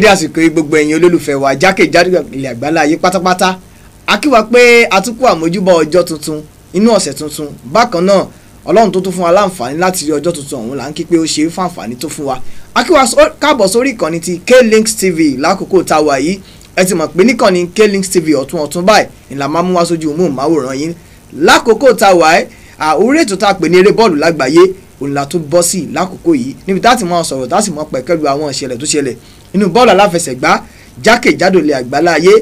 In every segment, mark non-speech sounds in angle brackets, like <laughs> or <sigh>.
dédé àsìkò gbogbo ẹ̀yin olólùfẹ́ wa jákèjádò ilẹ̀ àgbálá yìí pátápátá a kí wa pé a tún kú àmójúbà ọjọ́ tuntun inú ọ̀sẹ̀ tuntun bákan náà ọlọ́run tó tún fún wa láǹfààní láti rí ọjọ́ tuntun ọ̀hún là ń kí pé ó ṣe é tó fún wa a káàbọ̀ sórí ìkànnì ti K-Links TV lákòókò tá a wà yìí ẹ ti mọ̀ pé níkànnì K-Links TV ọ̀tún ọ̀tún báyìí ìlà máa mú wá sójú móhùnmáwòrán yín lákòókò tá a wà yìí orí ètò tá a pè ní eré bọ́ọ̀lù lágbàáyé òun la tún bọ́ sí lákòókò yìí níbi tá a ti máa sọ̀rọ̀ tá a sì máa pẹ̀kẹ́lu àwọn ìṣẹ̀lẹ̀ tó ṣẹlẹ̀ nínú bọ́ọ̀lù aláfẹsẹ̀gbá jákèjádò ilẹ̀ àgbálá ayé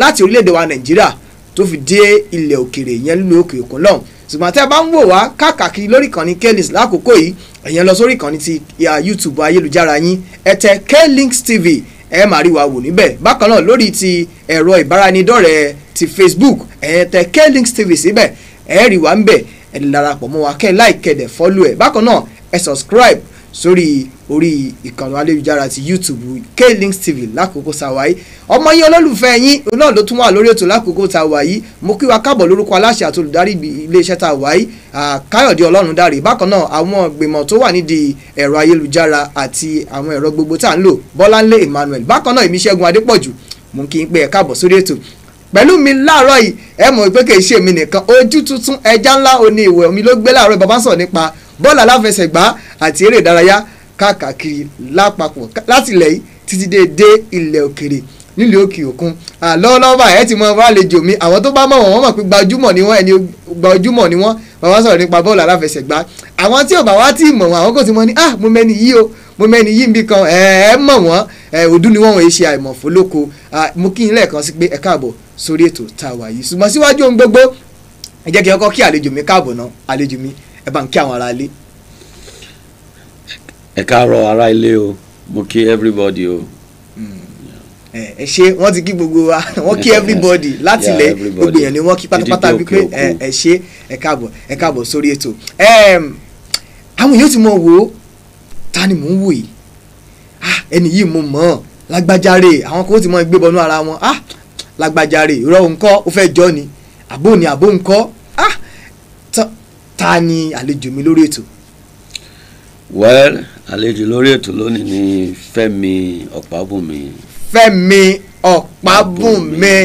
láti orílẹ̀-èdè wa nàìjíríà tó fi dé ilẹ̀ òkèrè yẹn lílo òkè òkun lọ́hùn ṣùgbọ́n tẹ́ bá ń wò wá káàkiri lórí ìkànnì klinks lákòókò yìí ẹ̀yẹn lọ sórí ìkànnì ti youtube ayélujára yín ẹ tẹ klinks tv ẹ máa rí wa wò níbẹ̀ bákan náà lórí ti ẹ̀rọ ìbáraẹnidọ́rẹ̀ẹ́ ti facebook ẹ̀yẹn tẹ klinks tv síbẹ̀ ẹ rí wa ń bẹ̀ ẹ darapọ̀ mọ́ wa kẹ́ ẹ like kẹ́ ẹ dẹ̀ follow ẹ bákan náà ẹ subscribe sórí orí ìkànnì ayélujára ti YouTube Klinks TV lákòókò sàwáyé ọmọ yín olólùfẹ́ yín náà ló tún wà lórí ètò lákòókò sàwáyé mo kí wa káàbọ̀ lórúkọ aláṣẹ àti olùdarí iléeṣẹ́ tá a wáyé Káyọ̀dé Ọlọ́run dàrí bákan náà àwọn ìgbìmọ̀ tó wà nídìí ẹ̀rọ ayélujára àti àwọn ẹ̀rọ gbogbo tá à ń lò Bọ́láńlé Emmanuel bákan náà èmi Ṣẹ́gun Adépọ̀jù mo kí n pé ẹ̀ káàbọ̀ sórí ètò pẹ̀lú mi láàárọ̀ yìí ẹ mọ̀ pé kì í ṣe mi nìkan ojú tuntun ẹja ńlá oní ìwẹ̀ mi ló gbé láàárọ̀ bàbá sọ̀rọ̀ nípa bọ́ọ̀lù aláfẹsẹ̀gbá àti eré ìdárayá káàkiri lápapọ̀ láti ilẹ̀ yìí títí dé dé ilẹ̀ òkèrè nílùú òkè òkun lọ́wọ́lọ́wọ́ báyìí ẹ ti mọ àlejò mi àwọn tó bá mọ̀ wọ́n mọ̀ pé gbajúmọ̀ ni wọ́n ẹni gbajúmọ̀ ni wọ́n bàbá sọ̀rọ̀ nípa bọ́ọ̀lù aláfẹsẹ̀gbá àwọn tí ò bá wá tí mọ̀ wọ́n àwọn kò ti mọ̀ ni ah mo mẹ́ni yí o mo mẹ́ni yí nbí kan ẹ̀ ẹ́ mọ̀ wọ́n ẹ̀ òdú ni wọ́n wọ́n ṣe àìmọ̀fó lóko mo kí n lẹ́ẹ̀kan sí pé ẹ káàbọ̀ sórí ètò tá a wà yìí ṣùgbọ́n síwájú ohun gbogbo ẹ jẹ́ kí ọkọ kí àlejò mi káàbọ̀ náà àlejò mi ẹ bá ń kí àwọn ará ilé ẹ káàárọ̀ ará ilé o mo kí everybody o. Hmm. ẹ ṣe wọ́n ti kí gbogbo wa <laughs> wọ́n kí everybody láti ilẹ̀ gbogbo èèyàn ni wọ́n kí pátápátá wípé ẹ ṣe ẹ káàbọ̀ ẹ káàbọ̀ sórí ètò àwọn èèyàn ti mọ̀ wò ó ta ni mò ń wò yìí ah, ẹni yìí mo mọ̀ ọ́ lágbájáre àwọn kò tí mọ̀ gbé bọnú ara wọn ah, lágbájáre irọ́ ńkọ́ ó fẹ́ jọ ni àbó ni àbó ńkọ́ ah, ta ni àlejò mi lórí ètò well àlejò lórí ètò lónìí ni Fẹ́mi Ọ̀pábùnmi. Fẹ́mi Ọ̀pábùnmi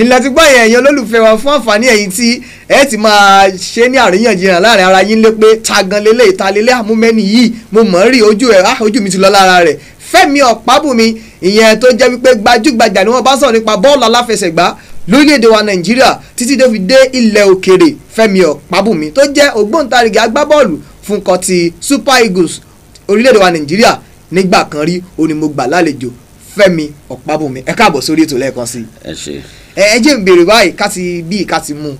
ìlànà tí gbọ́ yẹn ẹ̀yin olólùfẹ́ wa fún àǹfààní ẹ̀yin tí ẹ ti máa ṣe ní àríyànjiyàn láàrin ara yín lé pé ta gan lélẹ̀ ìta lélẹ̀ àmúmẹ́ni yìí mo mọ̀ rí ojú ẹ̀ ah ojú mi ti lọ lára rẹ̀ Fẹ́mi Ọ̀pábùnmi ìyẹn tó jẹ́ wípé gbajúgbajà ni wọ́n bá sọ̀rọ̀ nípa bọ́ọ̀lù aláfẹsẹ̀gbá lórílẹ̀ wa nàìjíríà títí tó fi dé ilẹ̀ òkèrè Fẹ́mi Ọ̀pábùnmi tó jẹ́ ògbóǹtarìgì agbábọ́ọ̀lù fún kan ti Super Eagles orílẹ̀-èdè wa Nàìjíríà nígbà kan rí o ni mo gbà lálejò Fẹ́mi Ọ̀pábùnmi ẹ káàbọ̀ sórí ètò lẹ́ẹ̀kan sí i ẹ ẹ jẹ́ n báyìí ká ti bí ká ti mú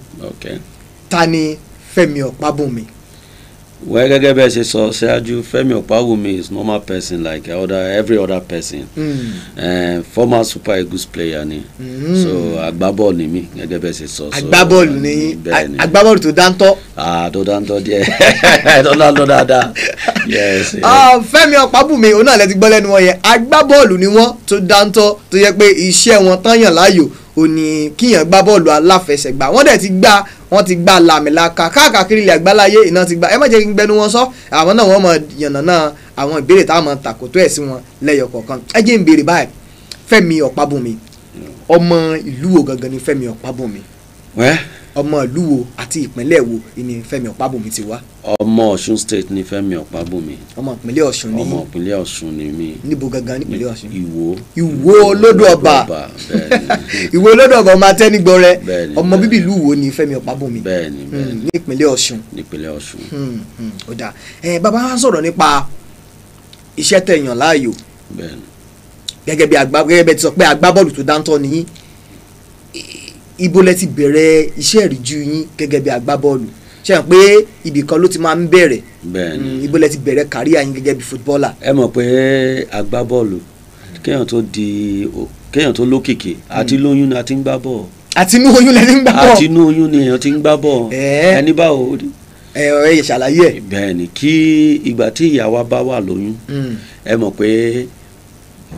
ta ni Fẹ́mi Ọ̀pábùnmi wẹ́ẹ́ gẹ́gẹ́ bẹ́ẹ̀ ṣe sọ ṣáájú Fẹ́mi Ọ̀páwùmí is normal person like other, every other person mm. uh, former Super Eagles player ni mm. so agbábọ́ọ̀lù ni mí gẹ́gẹ́ bẹ́ẹ̀ ṣe sọ. agbábọ́ọ̀lù hmm, ni agbábọ́ọ̀lù tó dáńtọ́. ah tó dáńtọ́ díẹ̀ <laughs> tó dáńtọ́ dáadáa. Ah, Fẹ́mi Ọ̀páwùmí òun náà lẹ ti gbọ́ lẹ́nu wọn yẹn agbábọ́ọ̀lù ni wọ́n tó dáńtọ́ tó yẹ pé iṣẹ́ wọn tán yàn láàyò ò ní kíyàn gbá bọ́ọ̀lù aláfẹsẹ̀gbá wọ́n dẹ̀ ti gbá wọ́n ti gbá làmìlaka káàkiri ilẹ̀ àgbáláyé iná ti gbá ẹ má jẹ́ kí n gbẹnu wọn sọ àwọn náà wọ́n mọ yànnàná àwọn ìbéèrè táwọn mọ tàkótó ẹ̀ sí wọn lẹ́yọ̀ kọ̀ọ̀kan ẹ jẹ́ ń béèrè báyìí Fẹ́mi Ọ̀pábùnmi ọmọ ìlú wo ni Fẹ́mi Ọ̀pábùnmi. wẹ́ẹ́ ọmọ ìlú wo àti ìpínlẹ̀ wo ni Fẹ́mi Ọ̀pábùnmi ti wá. ọmọ Ọ̀ṣun state ni Fẹ́mi Ọ̀pábùnmi. ọmọ ìpínlẹ̀ Ọ̀ṣun ni ọmọ ìpínlẹ̀ Ọ̀ṣun ni mí. níbo gangan nípínlẹ̀ Ọ̀ṣun. Ìwó. Ìwó olódò ọba Ìwó olódò ọba <laughs> ọmọ atẹnigbọrẹ ọmọ bíbí ìlú Ìwó ni Fẹ́mi Ọ̀pábùnmi. bẹ́ẹ̀ni hmm, bẹ́ẹ̀ni nípínlẹ̀ Ọ̀ṣun. nípínlẹ̀ Ọ̀ṣun. Hmm, hmm, ó dà ẹ bàbá wa sọ̀rọ̀ nípa iṣẹ́ tẹ̀yàn láàyò. bẹ́ẹ̀ni. gẹ́gẹ́ bí agbá gẹ́gẹ́ bí ti sọ agbábọ́ọ̀lù tó dáńtọ́ nìyí ibo lẹ ti bẹ̀rẹ̀ iṣẹ́ ìríjú yín gẹ́gẹ́ bí agbábọ́ọ̀lù ṣe hàn pé ibì kan ló ti máa ń bẹ̀rẹ̀ mm, ibo lẹ ti bẹ̀rẹ̀ káríà yín gẹ́gẹ́ bí fútbọ́ọ̀là. ẹ mọ̀ pé agbábọ́ọ̀lù kéèyàn tó di kéèyàn tó lókìkí àti mm. lóyún ni a ti ń gbá bọ́ọ̀. àti inú oyún lẹ ti ń gbá bọ́ọ̀. àti inú oyún ni èèyàn ti ń gbá bọ́ọ̀. ẹni báwo ẹ ẹ ṣàlàyé ẹ. bẹ́ẹ̀ni kí ìgbà tí ìyàwó bá wà lóyún mm. ẹ mọ̀ pé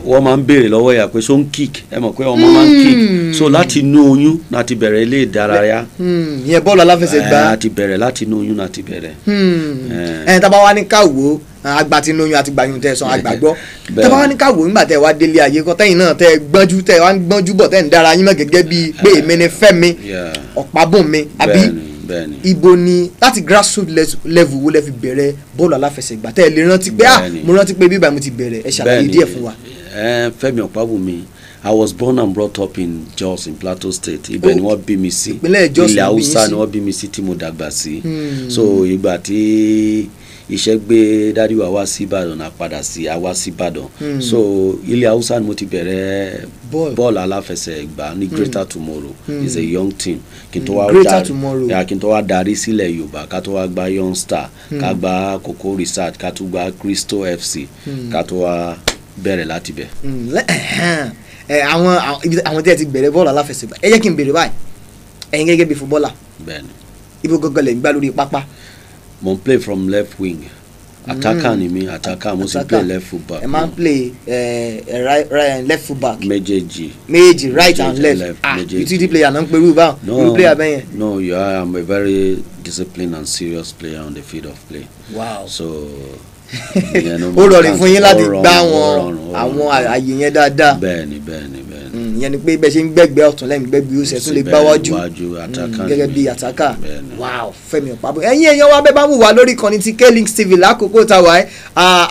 wọ́n máa ń béèrè lọ́wọ́ ìyá pé so ń kick ẹ mọ̀ pé ọmọ máa ń kick hmm. so láti inú oyún láti bẹ̀rẹ̀ ilé ìdárayá. Hmm. ìyẹn bọ́ọ̀lù aláfẹsẹ̀gbá. ẹ eh, àti bẹ̀rẹ̀ láti inú oyún láti bẹ̀rẹ̀. Hmm. Eh. Eh, ẹ tábà wá ní káwó àgbà tí lóyún àti gbàyún tẹ sàn àgbà gbọ́ <laughs> tábà wá ní káwó nígbà tẹ wá délé ayé kan tẹ̀yìn náà tẹ gbọ́njú tẹ wá ń gbọ́njú bọ̀ tẹ̀ ń dára yín mọ́ gẹ́gẹ́ bíi pé èmi ni Fẹ́mi Ọ̀pábùnmi àbí bẹ́ẹ̀ni ni láti grassroots level wo lẹ fi bẹ̀rẹ̀ bọ́ọ̀lù aláfẹsẹ̀gbá tẹ́ ẹ lè rántí pé ah mo rántí pé bíbá mo ti bẹ̀rẹ̀ ẹ ṣàlàyé díẹ̀ fún wa eh, Fẹ́mi Ọ̀pábùnmi I was born and brought up in Jos in Plateau State ibẹ̀ ni oh, wọ́n bí mi sí ilẹ̀ Haúsá ni wọ́n bí mi sí tí mo dàgbà sí hmm. so ìgbà tí iṣẹ́ gbé dádì wa wá sí Ìbàdàn náà padà sí àwa sí hmm. so ilẹ̀ Haúsá ni mo ti bẹ̀rẹ̀ bọ́ọ̀lù aláfẹsẹ̀gbá ní hmm. Greater Tomorrow is a young team kí n tó wá darí kí n tó wá darí sílẹ̀ Yorùbá ká tó wá gba Young Star ká gba Koko Research ká tó gba Crystal FC ká tó wá bẹ̀rẹ̀ láti bẹ̀. Mm, ẹ àwọn àwọn tí ẹ ti bẹ̀rẹ̀ bọ́ọ̀lù aláfẹsẹ̀gbá ẹ jẹ́ kí n bèrè báyìí ẹ̀yin gẹ́gẹ́ bí fúbọ́là ibo gangan lẹ̀ ń gbá lórí pápá. mo n play from left wing mm. attacker ni mi attacker mo sì play left full back. ẹ máa ń play left full méjèèjì méjèèjì right and left ah utility player náà ń pe rúbà rú player bẹ́yẹn. no you are I'm a very disciplined and serious player on the field of play. wow so. <laughs> ó rọrùn fún yín láti gbá wọn àwọn àyè yẹn dáadáa. bẹ́ẹ̀ni bẹ́ẹ̀ni bẹ́ẹ̀ni. Mm, ìyẹn ni pé bẹ́ẹ̀ ṣe ń gbẹ́gbẹ́ ọ̀tún lẹ́yìn gbẹ́gbẹ́ oṣù tún lè gbá wájú mm, gẹ́gẹ́ bí àtàkà wow Fẹ́mi Ọ̀pábọ̀ ẹ̀yin èèyàn wa bẹ́ẹ̀ bá wù wá lórí ìkànnì ti K-Links TV lákòókò tá a wà ẹ́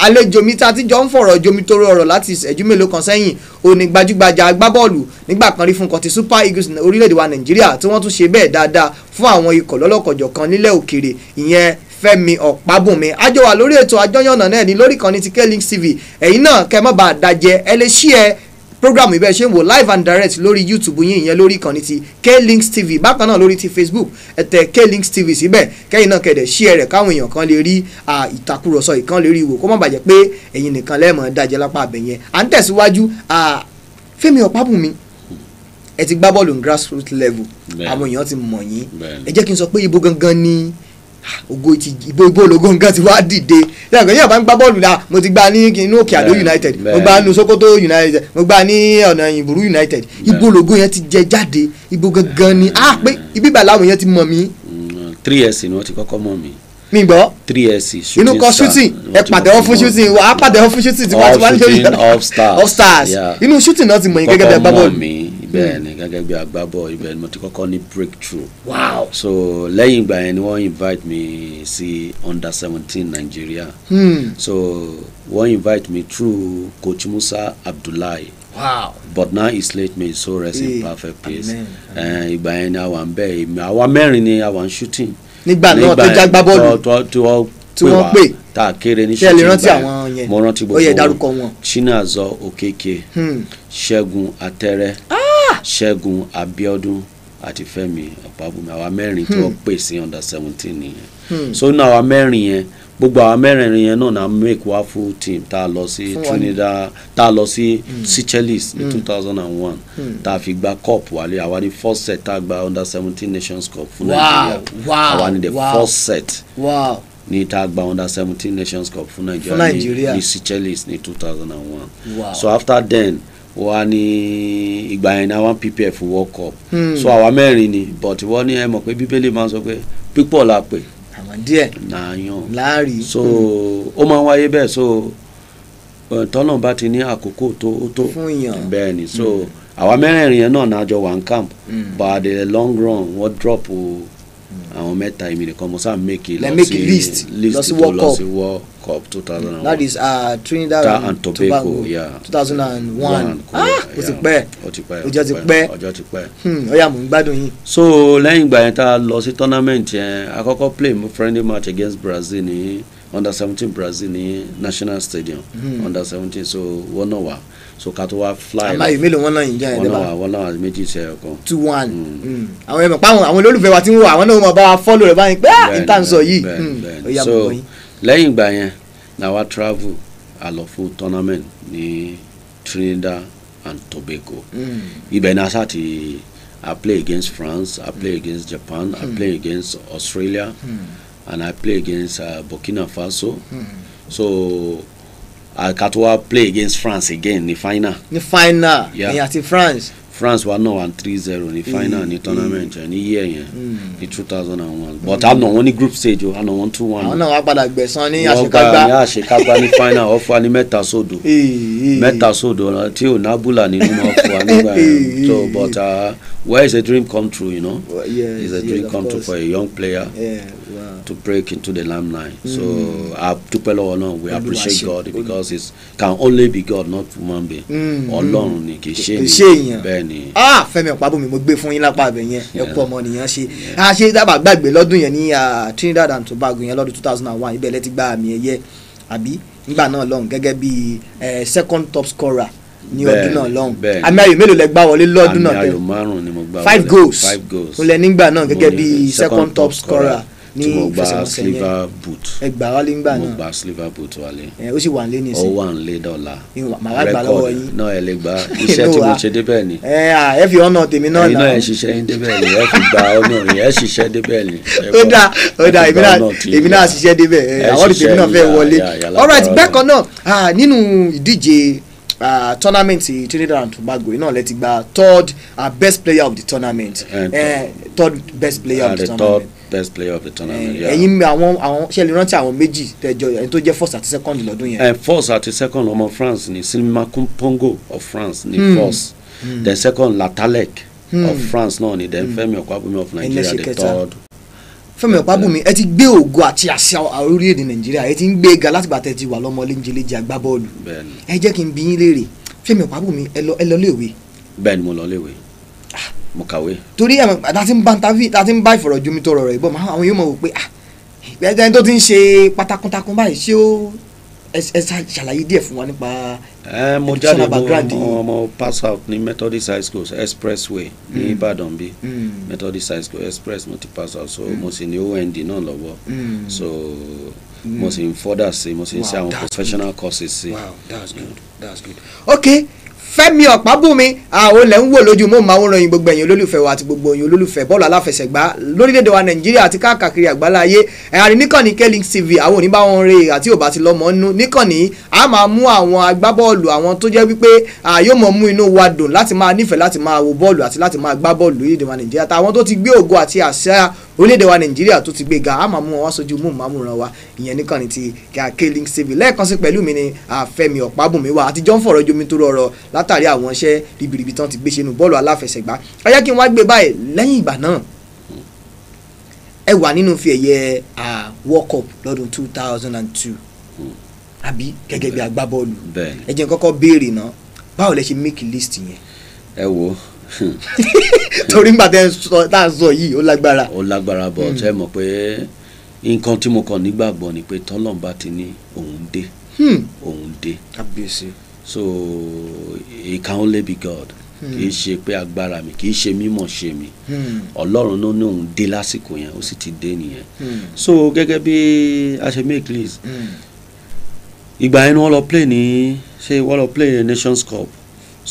àlejò mi tá a ti jọ ń fọ̀rọ̀ jomi toro ọ̀rọ̀ láti ìṣẹ́jú mélòó kan sẹ́yìn òní gbajúgbajà agbábọ́ọ̀lù nígbà kan rí fún kan ti Super Eagles orílẹ̀-èdè wa Nàìjíríà tí wọ́n tún ṣe bẹ́ẹ̀ dáadáa fún àwọn ikọ̀ lọ́lọ́kọ̀jọ̀ kan nílẹ̀ òkèèrè ìyẹn Fẹ́mi Ọ̀pábùnmi àjọwà lórí ètò àjọyànnà náà ní lórí ìkànnì ti K-Links TV ẹ̀yin náà kẹ́ mọ́ bá a dajẹ́ ẹ lè ṣí ẹ programu ibẹ̀ ṣe ń wò live and direct lórí youtube yín ìyẹn lórí ìkànnì ti klinks tv bákan náà lórí ti facebook ẹ tẹ klinks tv síbẹ̀ kẹ́yìn náà kẹ̀dẹ̀ share rẹ̀ káwọn èèyàn kan lè rí ìtàkùrọ̀sọ ìkan lè rí ìwò kó má bàjẹ́ pé ẹ̀yin nìkan lẹ́ẹ̀mọ́ dájẹ́ lápá abẹ yẹn à ń tẹ̀síwájú Fẹ́mi Ọ̀pábùnmi ẹ ti gbá bọ́ọ̀lù grassroots level àwọn èèyàn ti mọ̀ yín ẹ jẹ́ kí n sọ pé ibo gangan ni ogo ti ibo ibo logo nǹkan ti wá dìde yàgbẹ́ yàgbẹ́ ń gbá bọ́ọ̀lù la mo ti gba ní inú òkè àdó united mo gba ní sokoto united mo gba ní ọ̀nà ìbúrú united ibo logo yẹn ti jẹ jáde ibo gangan ni a ah, pé ibi ìbàláwo yẹn ti mọ̀ mí. Mm, three years ni wọ́n ti kọ́kọ́ mọ̀ mí mi gbọ́. three s shooting star inú kọ shooting ẹ pàtẹ́wọ́ fún shooting wàá pàtẹ́wọ́ fún shooting tí wọ́n ti wá ní lórí all stars all stars inú shooting náà ti mọ̀ yín gẹ́gẹ́ bí agbábọ́ọ̀lù. kọ́kọ́ mọ̀ mi bẹ́ẹ̀ ni bí agbábọ́ọ̀lù ibẹ̀ mo ti kọ́kọ́ ní breakthrough. wow so lẹ́yìn ìgbà yẹn ni wọ́n invite me sí under seventeen Nigeria. Hmm. so wọ́n invite me through coach Musa Abdullahi. Wow. But now his late Me so rest in perfect peace. Eh, ìgbà yẹn ni àwa ń bẹ̀ àwa mẹ́rin ni àwa shooting nígbà náà tó jágbá bọ́ọ̀lù tí wọ́n pè tá a kéré ní ṣùtì báyìí mo rántí gbogbo wọn Chinazọ Okeke hmm. Ṣẹ́gun Atẹ́rẹ́ ah! Ṣẹ́gun Abíọ́dún àti Fẹ́mi Ọ̀pábùnmi àwa mẹ́rin tí wọ́n hmm. pè sí under seventeen nìyẹn hmm. so nínú àwa mẹ́rin yẹn gbogbo àwa mẹ́rin yẹn náà na make wa full team tá a lọ sí Trinidad tá a lọ sí hmm. Seychelles ní two thousand and one tá a fi gba cup wálé àwa ni first set tá a gba under seventeen nations cup fún Nàìjíríà àwa ni the first set. Wow ní tá a gba under seventeen nations cup fún Nigeria ní Seychelles ní two thousand and one so after then wọ́n ní ìgbà yẹn náà wọ́n prepare for so àwa mẹ́rin ni but wọ́n ní ẹ mọ̀ pé bíbélì máa ń sọ pé pípọ̀ la pè díẹ̀ nàáyàn láàrí so ó máa ń wáyé bẹ́ẹ̀ so tọ́nà bá ti ní àkókò tó tó bẹ́ẹ̀ ni so hmm. àwa mẹ́rẹ̀ẹ̀rin yẹn náà náà jọ camp hmm. but the long run wọ́n drop hmm. àwọn mẹ́ta èmi nìkan mo make it lọ sí list tó lọ sí world Cup 2001. That is uh, Trinidad Ta and Tobago, Tobago yeah. 2001. One, ah, ti pẹ́. Ó ti ti pẹ́. Ọjọ́ ti pẹ́. Hmm, ó mò ń gbádùn yín. So lẹ́yìn ìgbà yẹn tá a lọ sí tournament yẹn, àkọ́kọ́ play mo friendly match against Brazil ní under seventeen Brazil ní National Stadium mm. under seventeen so wọ́n náà wà so ká tó wá fly. àmàyè mélòó wọn oh náà yìí jẹ́ ẹ̀dẹ́gbà wọn náà wọn náà méjì ṣe ẹ̀kọ́. two one hmm. Hmm. àwọn ẹ̀mọ̀ pa àwọn olólùfẹ́ wa ti ń wò àwọn náà wọn bá wa fọ́lù rẹ̀ báyìí pé ah, ìtàn sọ yìí. so lẹ́yìn ìgbà yẹn na wa travel a tournament ní Trinidad and Tobago hmm. ibẹ̀ ni a sá ti I play against France I play hmm. against Japan I hmm. play against Australia and I play against uh, Burkina Faso so I àkàtúwà play against France again ní final. ní final ní àti France france wa náà wà three zero ní final mm, ní tournament mm. ní year yẹn mm. ní two thousand and one but àná wọn ní group stage o àná wọn two one. àwọn náà wá padà gbẹ̀san ní àṣekágbá. wọ́n gba ní àṣekágbá ní final ọ̀fọ̀ ní mẹ́ta sódò mẹ́ta sódò tí ò nábùlà nínú ọ̀fọ̀ nígbà yẹn <laughs> so but uh, where is a dream come true you know well, yes, it's a dream yes, come true for a young player. Yeah to break into the lamb line. Mm. So àdúpẹ́ lọ́wọ́ náà we appreciate God because it can only be God not human being. Mm-hmm. ọlọ́run ni kì í ṣe ènìyàn bẹ́ẹ̀ ni. Ah, Fẹ́mi Ọ̀pábùnmi mo gbé fún yín lápá abẹ yẹn ẹ kú ọmọ nìyẹn ṣe a ṣe dábàá gbàgbé lọ́dún yẹn ní Trinidad and Tobago yẹn lọ́dún two thousand and one ibẹ̀ lẹ ti gba àmì ẹ̀yẹ àbí nígbà náà lọ́hùn gẹ́gẹ́ bí second top scorer ní ọdún náà lọ́hùn àmì ayò mélòó lẹ gbá wọlé lọ́dún náà tẹ àmì ayò márùn-ún ni mo gbá wọlé five goals five goals n lẹ nígbà náà gẹ́gẹ́ bí second top scorer ní ìfẹsẹ̀mọsẹ̀ yẹn ẹgbà wálé ńgbà náà mo gba silver boot Wale. ẹ ó sì wà nílé nísìnyí. ó wà nílé dọ́là. màá gbà lọ́wọ́ yín. náà ẹ lè gba <laughs> iṣẹ́ tí mo ṣe débẹ̀ ni. ẹ ẹ fi ọ̀nà tèmi náà náà. ẹyin náà ẹ ṣiṣẹ́ yín débẹ̀ ni ẹ fi gba ọ̀nà yín ẹ ṣiṣẹ́ débẹ̀ ni. ó dáa ó dáa èmi náà ṣiṣẹ́ débẹ̀ àwọn tèmi náà fẹ́ wọlé. all right bákan náà nínú ìdíje uh, tournament Trinidad and Tobago iná lẹ ti gba third best player of the tournament third best player of the tournament best player of the tournament. ẹ̀yin àwọn àwọn ṣe lè rántí àwọn méjì tẹjọ ẹni tó jẹ́ first àti second lọ́dún yẹn. ẹ eh, first àti second ọmọ France ni Silimakun Pongo of France ni hmm. first mm. then second Latalek hmm. of France náà ni then mm. Fẹ́mi of Nigeria the third. Fẹ́mi Ọ̀pábùnmi ẹ ti gbé ògo àti àṣà orílẹ̀-èdè Nàìjíríà ẹ ti ń gbé ga láti bàtẹ́ ti wà lọ́mọ léńjẹlẹ́jẹ agbábọ́ọ̀lù ẹ jẹ́ kí n bi yín léèrè Fẹ́mi Ọ̀pábùnmi ẹ lọ ẹ lọ léèwé. mo lọ léèwé Ah, mo kàwé. torí àwọn àti ń bá tàbí àti ń bá ìfọ̀rọ̀jomi tọrọ rẹ̀ ìbọn àwọn yóò mọ̀ wò pé ah, ẹni tó ti ń ṣe pátákùntakùn báyìí ṣé ó ẹ ṣàlàyé díẹ̀ fún wa nípa educational background yìí. mo mo pass out ní Methodist High School expressway ní mm. Ìbàdàn bí mm. Methodist High School express mo ti pass out so mm. mo sì ní OND náà lọ́wọ́ so mo sì ń further sí mo sì ń ṣe àwọn professional courses sí. wow that's good that's good okay. Fẹ́mi Ọ̀pábùnmi àwọn olè ń wò lójú mọ́ màá wòran yín gbogbo ẹ̀yin olólùfẹ́ wa àti gbogbo ẹ̀yin olólùfẹ́ bọ́ọ̀lù aláfẹsẹ̀gbá lórílẹ̀‐èdè wa Nàìjíríà àti káàkiri àgbálá ayé ẹ̀yàrin níkànnì KLink TV àwọn òní bá wọn re àti ò bá ti lọ́mọ nú níkànnì a máa mú àwọn agbábọ́ọ̀lù àwọn tó jẹ́ wípé yóò mọ̀ mú inú wa dùn láti máa nífẹ̀ẹ́ láti máa wo bọ́ọ̀lù àti láti máa gbá bọ́ọ̀lù lórílẹ̀ wa Nàìjíríà orílẹ̀-èdè wa nàìjíríà tó ti gbéga a máa mú wọn wá sójú mú màmúran wa ìyẹn nìkan ni ti KAYLINQ TV lẹ́ẹ̀kan sí pẹ̀lú mi ni àfẹ́mi ọ̀pábùnmi wa àtijọ́ ń fọ̀rọ̀ jomi tó rọrọ̀ látàrí àwọn iṣẹ́ ribiribi tán ti gbé ṣe nu bọ́ọ̀lù aláfẹsẹ̀gbá ẹ jẹ́ kí n wá gbé báyìí lẹ́yìn ìgbà náà ẹ wà nínú fi ẹ̀yẹ World Cup lọ́dún two thousand and two àbí gẹ́gẹ́ bí agbábọ́ọ̀lù ẹ jẹ́ n kọ́kọ́ béèrè náà báwo lẹ ṣe make list yẹn. ẹ wo Hmm. <laughs> torí nígbà tẹ́ tá a sọ yìí ó lágbára. ó lágbára bọ̀ hmm. ṣe mọ̀ pé nǹkan tí mo kàn nígbàgbọ́ ni pé tọ́lọ́mbà ti ní òun dé hmm. òun dé. kábíyèsí. so it can only be God kì í ṣe pé agbára mi kì í ṣe mímọ̀ ṣe mi ọlọ́run ló ní òun dé lásìkò yẹn ó sì ti dé nìyẹn so gẹ́gẹ́ bí a ṣe make list ìgbà yẹn ni wọ́n lọ play ní ṣé wọ́n lọ play Nations Cup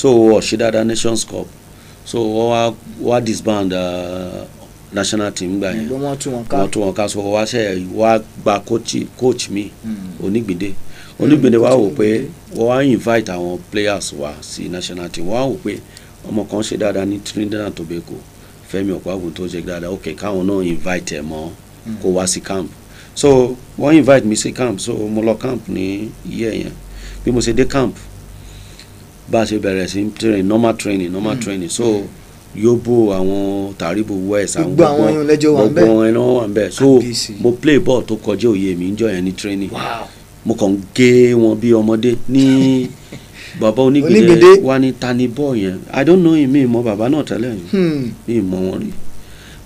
so ọ̀ṣẹ́ dáadáa Nations Cup so wọ́n wá wá disband uh, national team gbà yẹn wọ́n tún wọn ká so wọ́n wá ṣe wá gba coach mi hmm. onígbìndé onígbìndé wá wò pé wọ́n wá invite àwọn players wa sí national team wọ́n wá wò pé ọmọ kan ṣe dáadáa ní Trinidad and Tobago Fẹ́mi Ọ̀págùn tó ṣe dáadáa ok káwọn náà invite ẹ mọ hmm. kó wá sí camp so wọ́n invite mi sí camp so mo lọ camp ní iye yẹn bí mo ṣe dé camp. Mm bá a ṣe bẹ̀rẹ̀ sí training normal training normal hmm. training so yóbò àwọn tàríbù west àwọn gbogbo àwọn ẹlẹ́jọ́ wà ń bẹ̀ gbogbo àwọn ẹlẹ́jọ́ wà ń bẹ̀ so mo play ball tó kọjá òye mi ń jọ yẹn ní training wow. mo kàn ń gé wọn bí ọmọdé ní <laughs> bàbá onígbèdè wa ní tani ball yẹn i don't know him mi mọ bàbá náà tẹ́lẹ̀ hmm. mi mọ wọn rí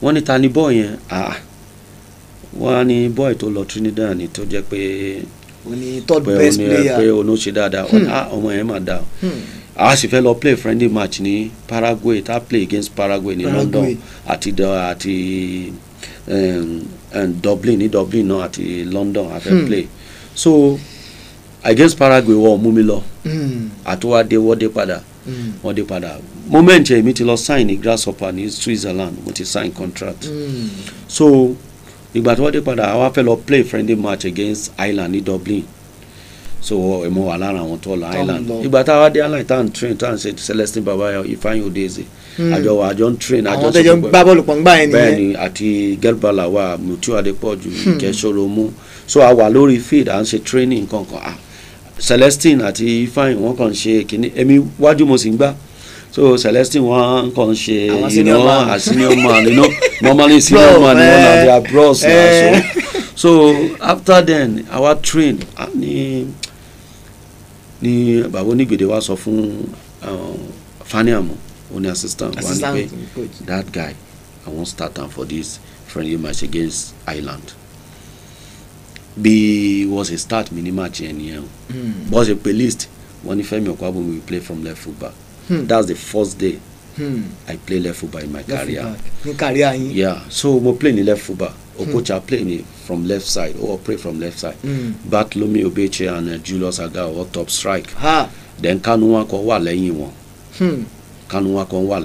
wọ́n ní tani ball yẹn ah wọ́n á ní bọ́ọ̀ tó lọ Trinidad ni tó jẹ́ pé o third best player pé o ní o ṣe dáadáa hmm. ọmọ yẹn mà dáa hmm. a sì fẹ́ lọ play friendly match Ni Paraguay tá play against Paraguay ní London Ati ati um, Dublin ní Dublin náà ati London a fẹ́ hmm. play so against Paraguay wọ́n mú mi lọ àtúwádé wọ́dé padà wọ́dé padà moment yẹn mi ti lọ sign ní Grasshopper ní Switzerland mo ti sign contract mm. so ìgbà tí wọ́n dé padà àwa fẹ́ lọ play friendly match against Ireland ní Dublin so mo wà lára àwọn tó lọ Ireland ìgbà tá a wá dé Ireland tá train tá à ṣe Celestine Babayo Ifeanyi Udeze hmm. àjọ wa àjọ ń train àjọ ṣe gbogbo bá bọ́ọ̀lù pọ̀ngbà yẹn nìyẹn bẹ́ẹ̀ ni àti Gelbala wa Mutiu Adepoju hmm. Ikecholomu so a wà lórí field à ń ṣe training kankan ah, Celestine àti Ifeanyi wọ́n kàn ń ṣe kínní èmi wájú mo sì ń gbá so celestine wọn kàn ṣe ìnáwó àsenior man you know normally senior man you know na eh. their bros na eh. so so after then our train ni ni babu onígbèdè wa sọ fun um, faniamu oní assistant wa ni pé that guy i wan start am for this friendly match against Ireland bí was a start mini match yẹn nìyẹn o hmm. bọ́ọ̀ ṣe playlist, list wọ́n ní Fẹ́mi Ọ̀pábùnmi we play from left full back hmm. that's the first day hmm. i play left full back in my left career in career yin yeah so mo play ni left full back hmm. okocha hmm. play ni from left side or play from left side hmm. batlomi obeche and uh, julius agao top strike ha. then kanu nwankwo wà lẹ́yìn wọn. Hmm kanu wa kan wọn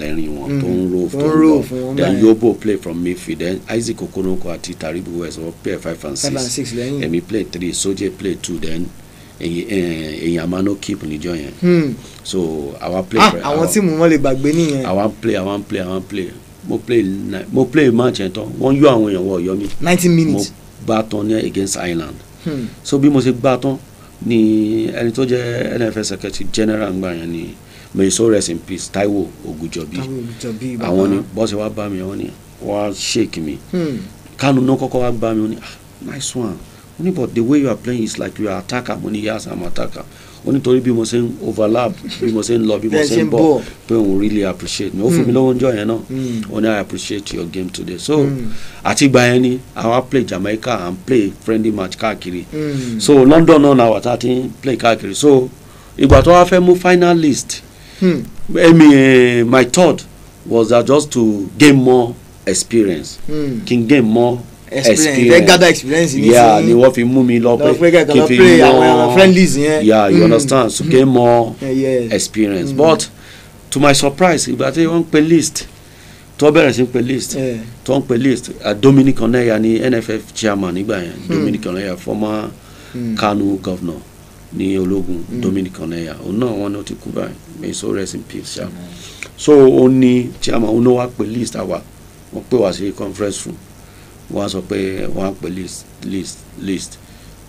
tó ń hmm. ro tó ń lọ then yobo play from midfield then isaac okonoko ati taribu west wọ́n play five and six èmi play three soje play two then èyàn àmà no keep níjọ yẹn. Hmm. so àwa play. ah àwọn tí mo mọ lè gbàgbé nìyẹn. àwa play àwa play àwa play mo play mo play match yẹn tán wọ́n yọ àwọn èèyàn wọ̀ yọ mi. ninety minutes. mo gbá tán ní against Ireland. Hmm. so bí mo ṣe gbá tán ni ẹni tó jẹ́ NFF secretary general ngbà yẹn ni may so rest in peace Taiwo Ogujobi. àwọn ni bọ́sẹ̀ wa bá mi wọ́n ni wọ́n á shake mi. Hmm. kánú náà kọ́kọ́ wá gbá mi wọ́n ni ah nice one ó ní but the way you are playing is like you are attacker mo ní yes i'm attacker ó nítorí bí mo ṣe ń overlap bí mo ṣe ń lọ bí mo ṣe ń bọ̀ pé òun really appreciate me ó fún mi hmm. lọ́wọ́ ọjọ́ yẹn náà hmm. ó ní i appreciate your game today so hmm. àti ìgbà yẹn ni àwa play Jamaica and play friendly match káàkiri so London náà làwọn tá ti ń play káàkiri so ìgbà tó wá fẹ́ mú finalist èmi hmm. my thought was that just to gain more experience mm. kí n gain more experience ẹ gather experience ní sí ni wọ́n fi mú mi lọ pé kí n fi mọ friendlies yeah you mm. understand so kí more <laughs> experience mm. but to my surprise ìgbà tí wọ́n ń pe list tó bẹ̀rẹ̀ sí ń pe list tó ń pe list uh, Dominic Oneya ni NFF chairman nígbà yẹn mm. Dominic Oneya former Kano governor ní ológun Dominic Oneya òun náà wọn náà ti kú báyìí may so rest in peace ṣá so ó ní chairman òun náà wá pe list àwa wọ́n pè wá sí conference room wọ́n á sọ pé wọ́n pè list list list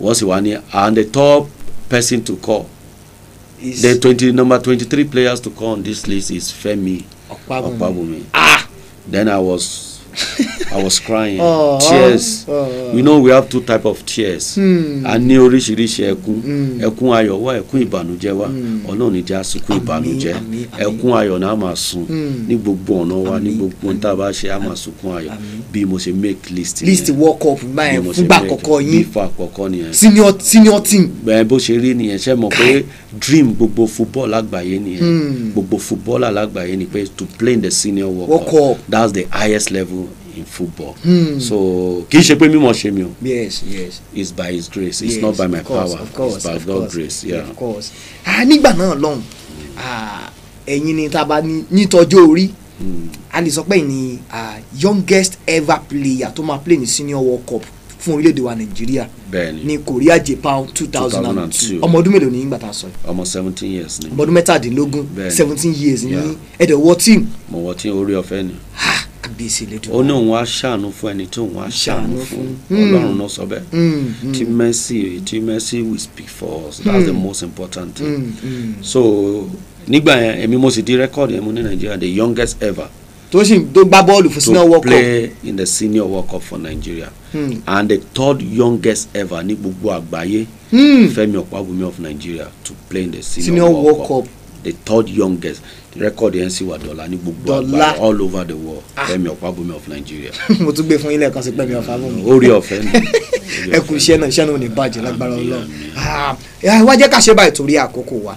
wọ́n sì wá ní and the top person to call is the twenty number twenty three players to call on this list is Femi Opabumi ah then I was I was crying oh, tears oh, you oh. know we have two type of tears hmm. a ní oríṣiríṣi ẹkún hmm. ẹkún ayọ̀ wa. ẹkún ìbànújẹ́ wá hmm. ọlọ́run ìjà sunkún ìbànújẹ́ ẹkún ayọ̀ náà máa sun ní gbogbo ọ̀nà wa ní gbogbo ohun a bá ṣe a máa sunkún ayọ̀ bí mo ṣe make list yẹn list work up báyẹn fúgbà àkọ́kọ́ yín fúgbà àkọ́kọ́ nìyẹn senior senior team. bẹ́ẹ̀ bó ṣe rí nìyẹn ṣe mọ̀ pé dream gbogbo football lágbàáyé nìyẹn hmm. gbogbo footballer lágbàáyé ni pé to play in the senior world, world cup. that's the highest level in football. Hmm. so kì í ṣe pé mímọ̀ ṣe mi o. yes yes. it's by his grace it's yes, not by my course, power course, it's by God's grace. Yeah. of course ah nígbà náà lọ́hùn hmm. ah, ẹ̀yin ni tá ni bá ní nítọ́jú orí hmm. a lè sọ pé ẹ̀yin ni ah, youngest ever player tó máa play ní senior world cup fún orílẹ̀-èdè wa nàìjíríà ní korea japan two thousand and two ọmọ ọdún mélòó ni ìgbà tá a sọ yìí. ọmọ seventeen years ni. ọmọ ọdún mẹ́tàdínlógún seventeen years ni ẹ̀dẹ̀ wọ tíìmù. mo wọ tíìmù orí ọ̀fẹ́ ni. kábíyèsí lè dùn. ó ní òun á ṣàánú fún ẹni tí òun á ṣàánú fún hmm. ọlọ́run náà sọ bẹ́ẹ̀ tí mercy tí mercy We speak for us that's the hmm. most important thing. Hmm, so nígbà yẹn èmi mo sì di rẹ́kọ̀dì yẹn mo ní nàìjíríà the youngest ever tó sì tó gbá bọ́ọ̀lù fún senior world cup. to play in the senior world cup for Nigeria hmm. and the third youngest ever ní gbogbo àgbáyé hmm. Fẹ́mi Ọ̀pábùnmi of Nigeria to play in the senior, senior world, world cup. cup the third youngest record yẹn sì wà dọ́là ní gbogbo àgbáyé all over the world ah. Fẹ́mi Ọ̀pábùnmi of Nigeria. <laughs> mo tún gbé fún ilé ẹ̀kan sí Fẹ́mi Ọ̀pábùnmi. <laughs> orí ọ̀fẹ́ ni <laughs> ẹ kú iṣẹ́ náà iṣẹ́ náà ò ní bàjẹ́ lágbára Ọlọ́run ah, wá jẹ́ ká ṣe báyìí torí àkókò wa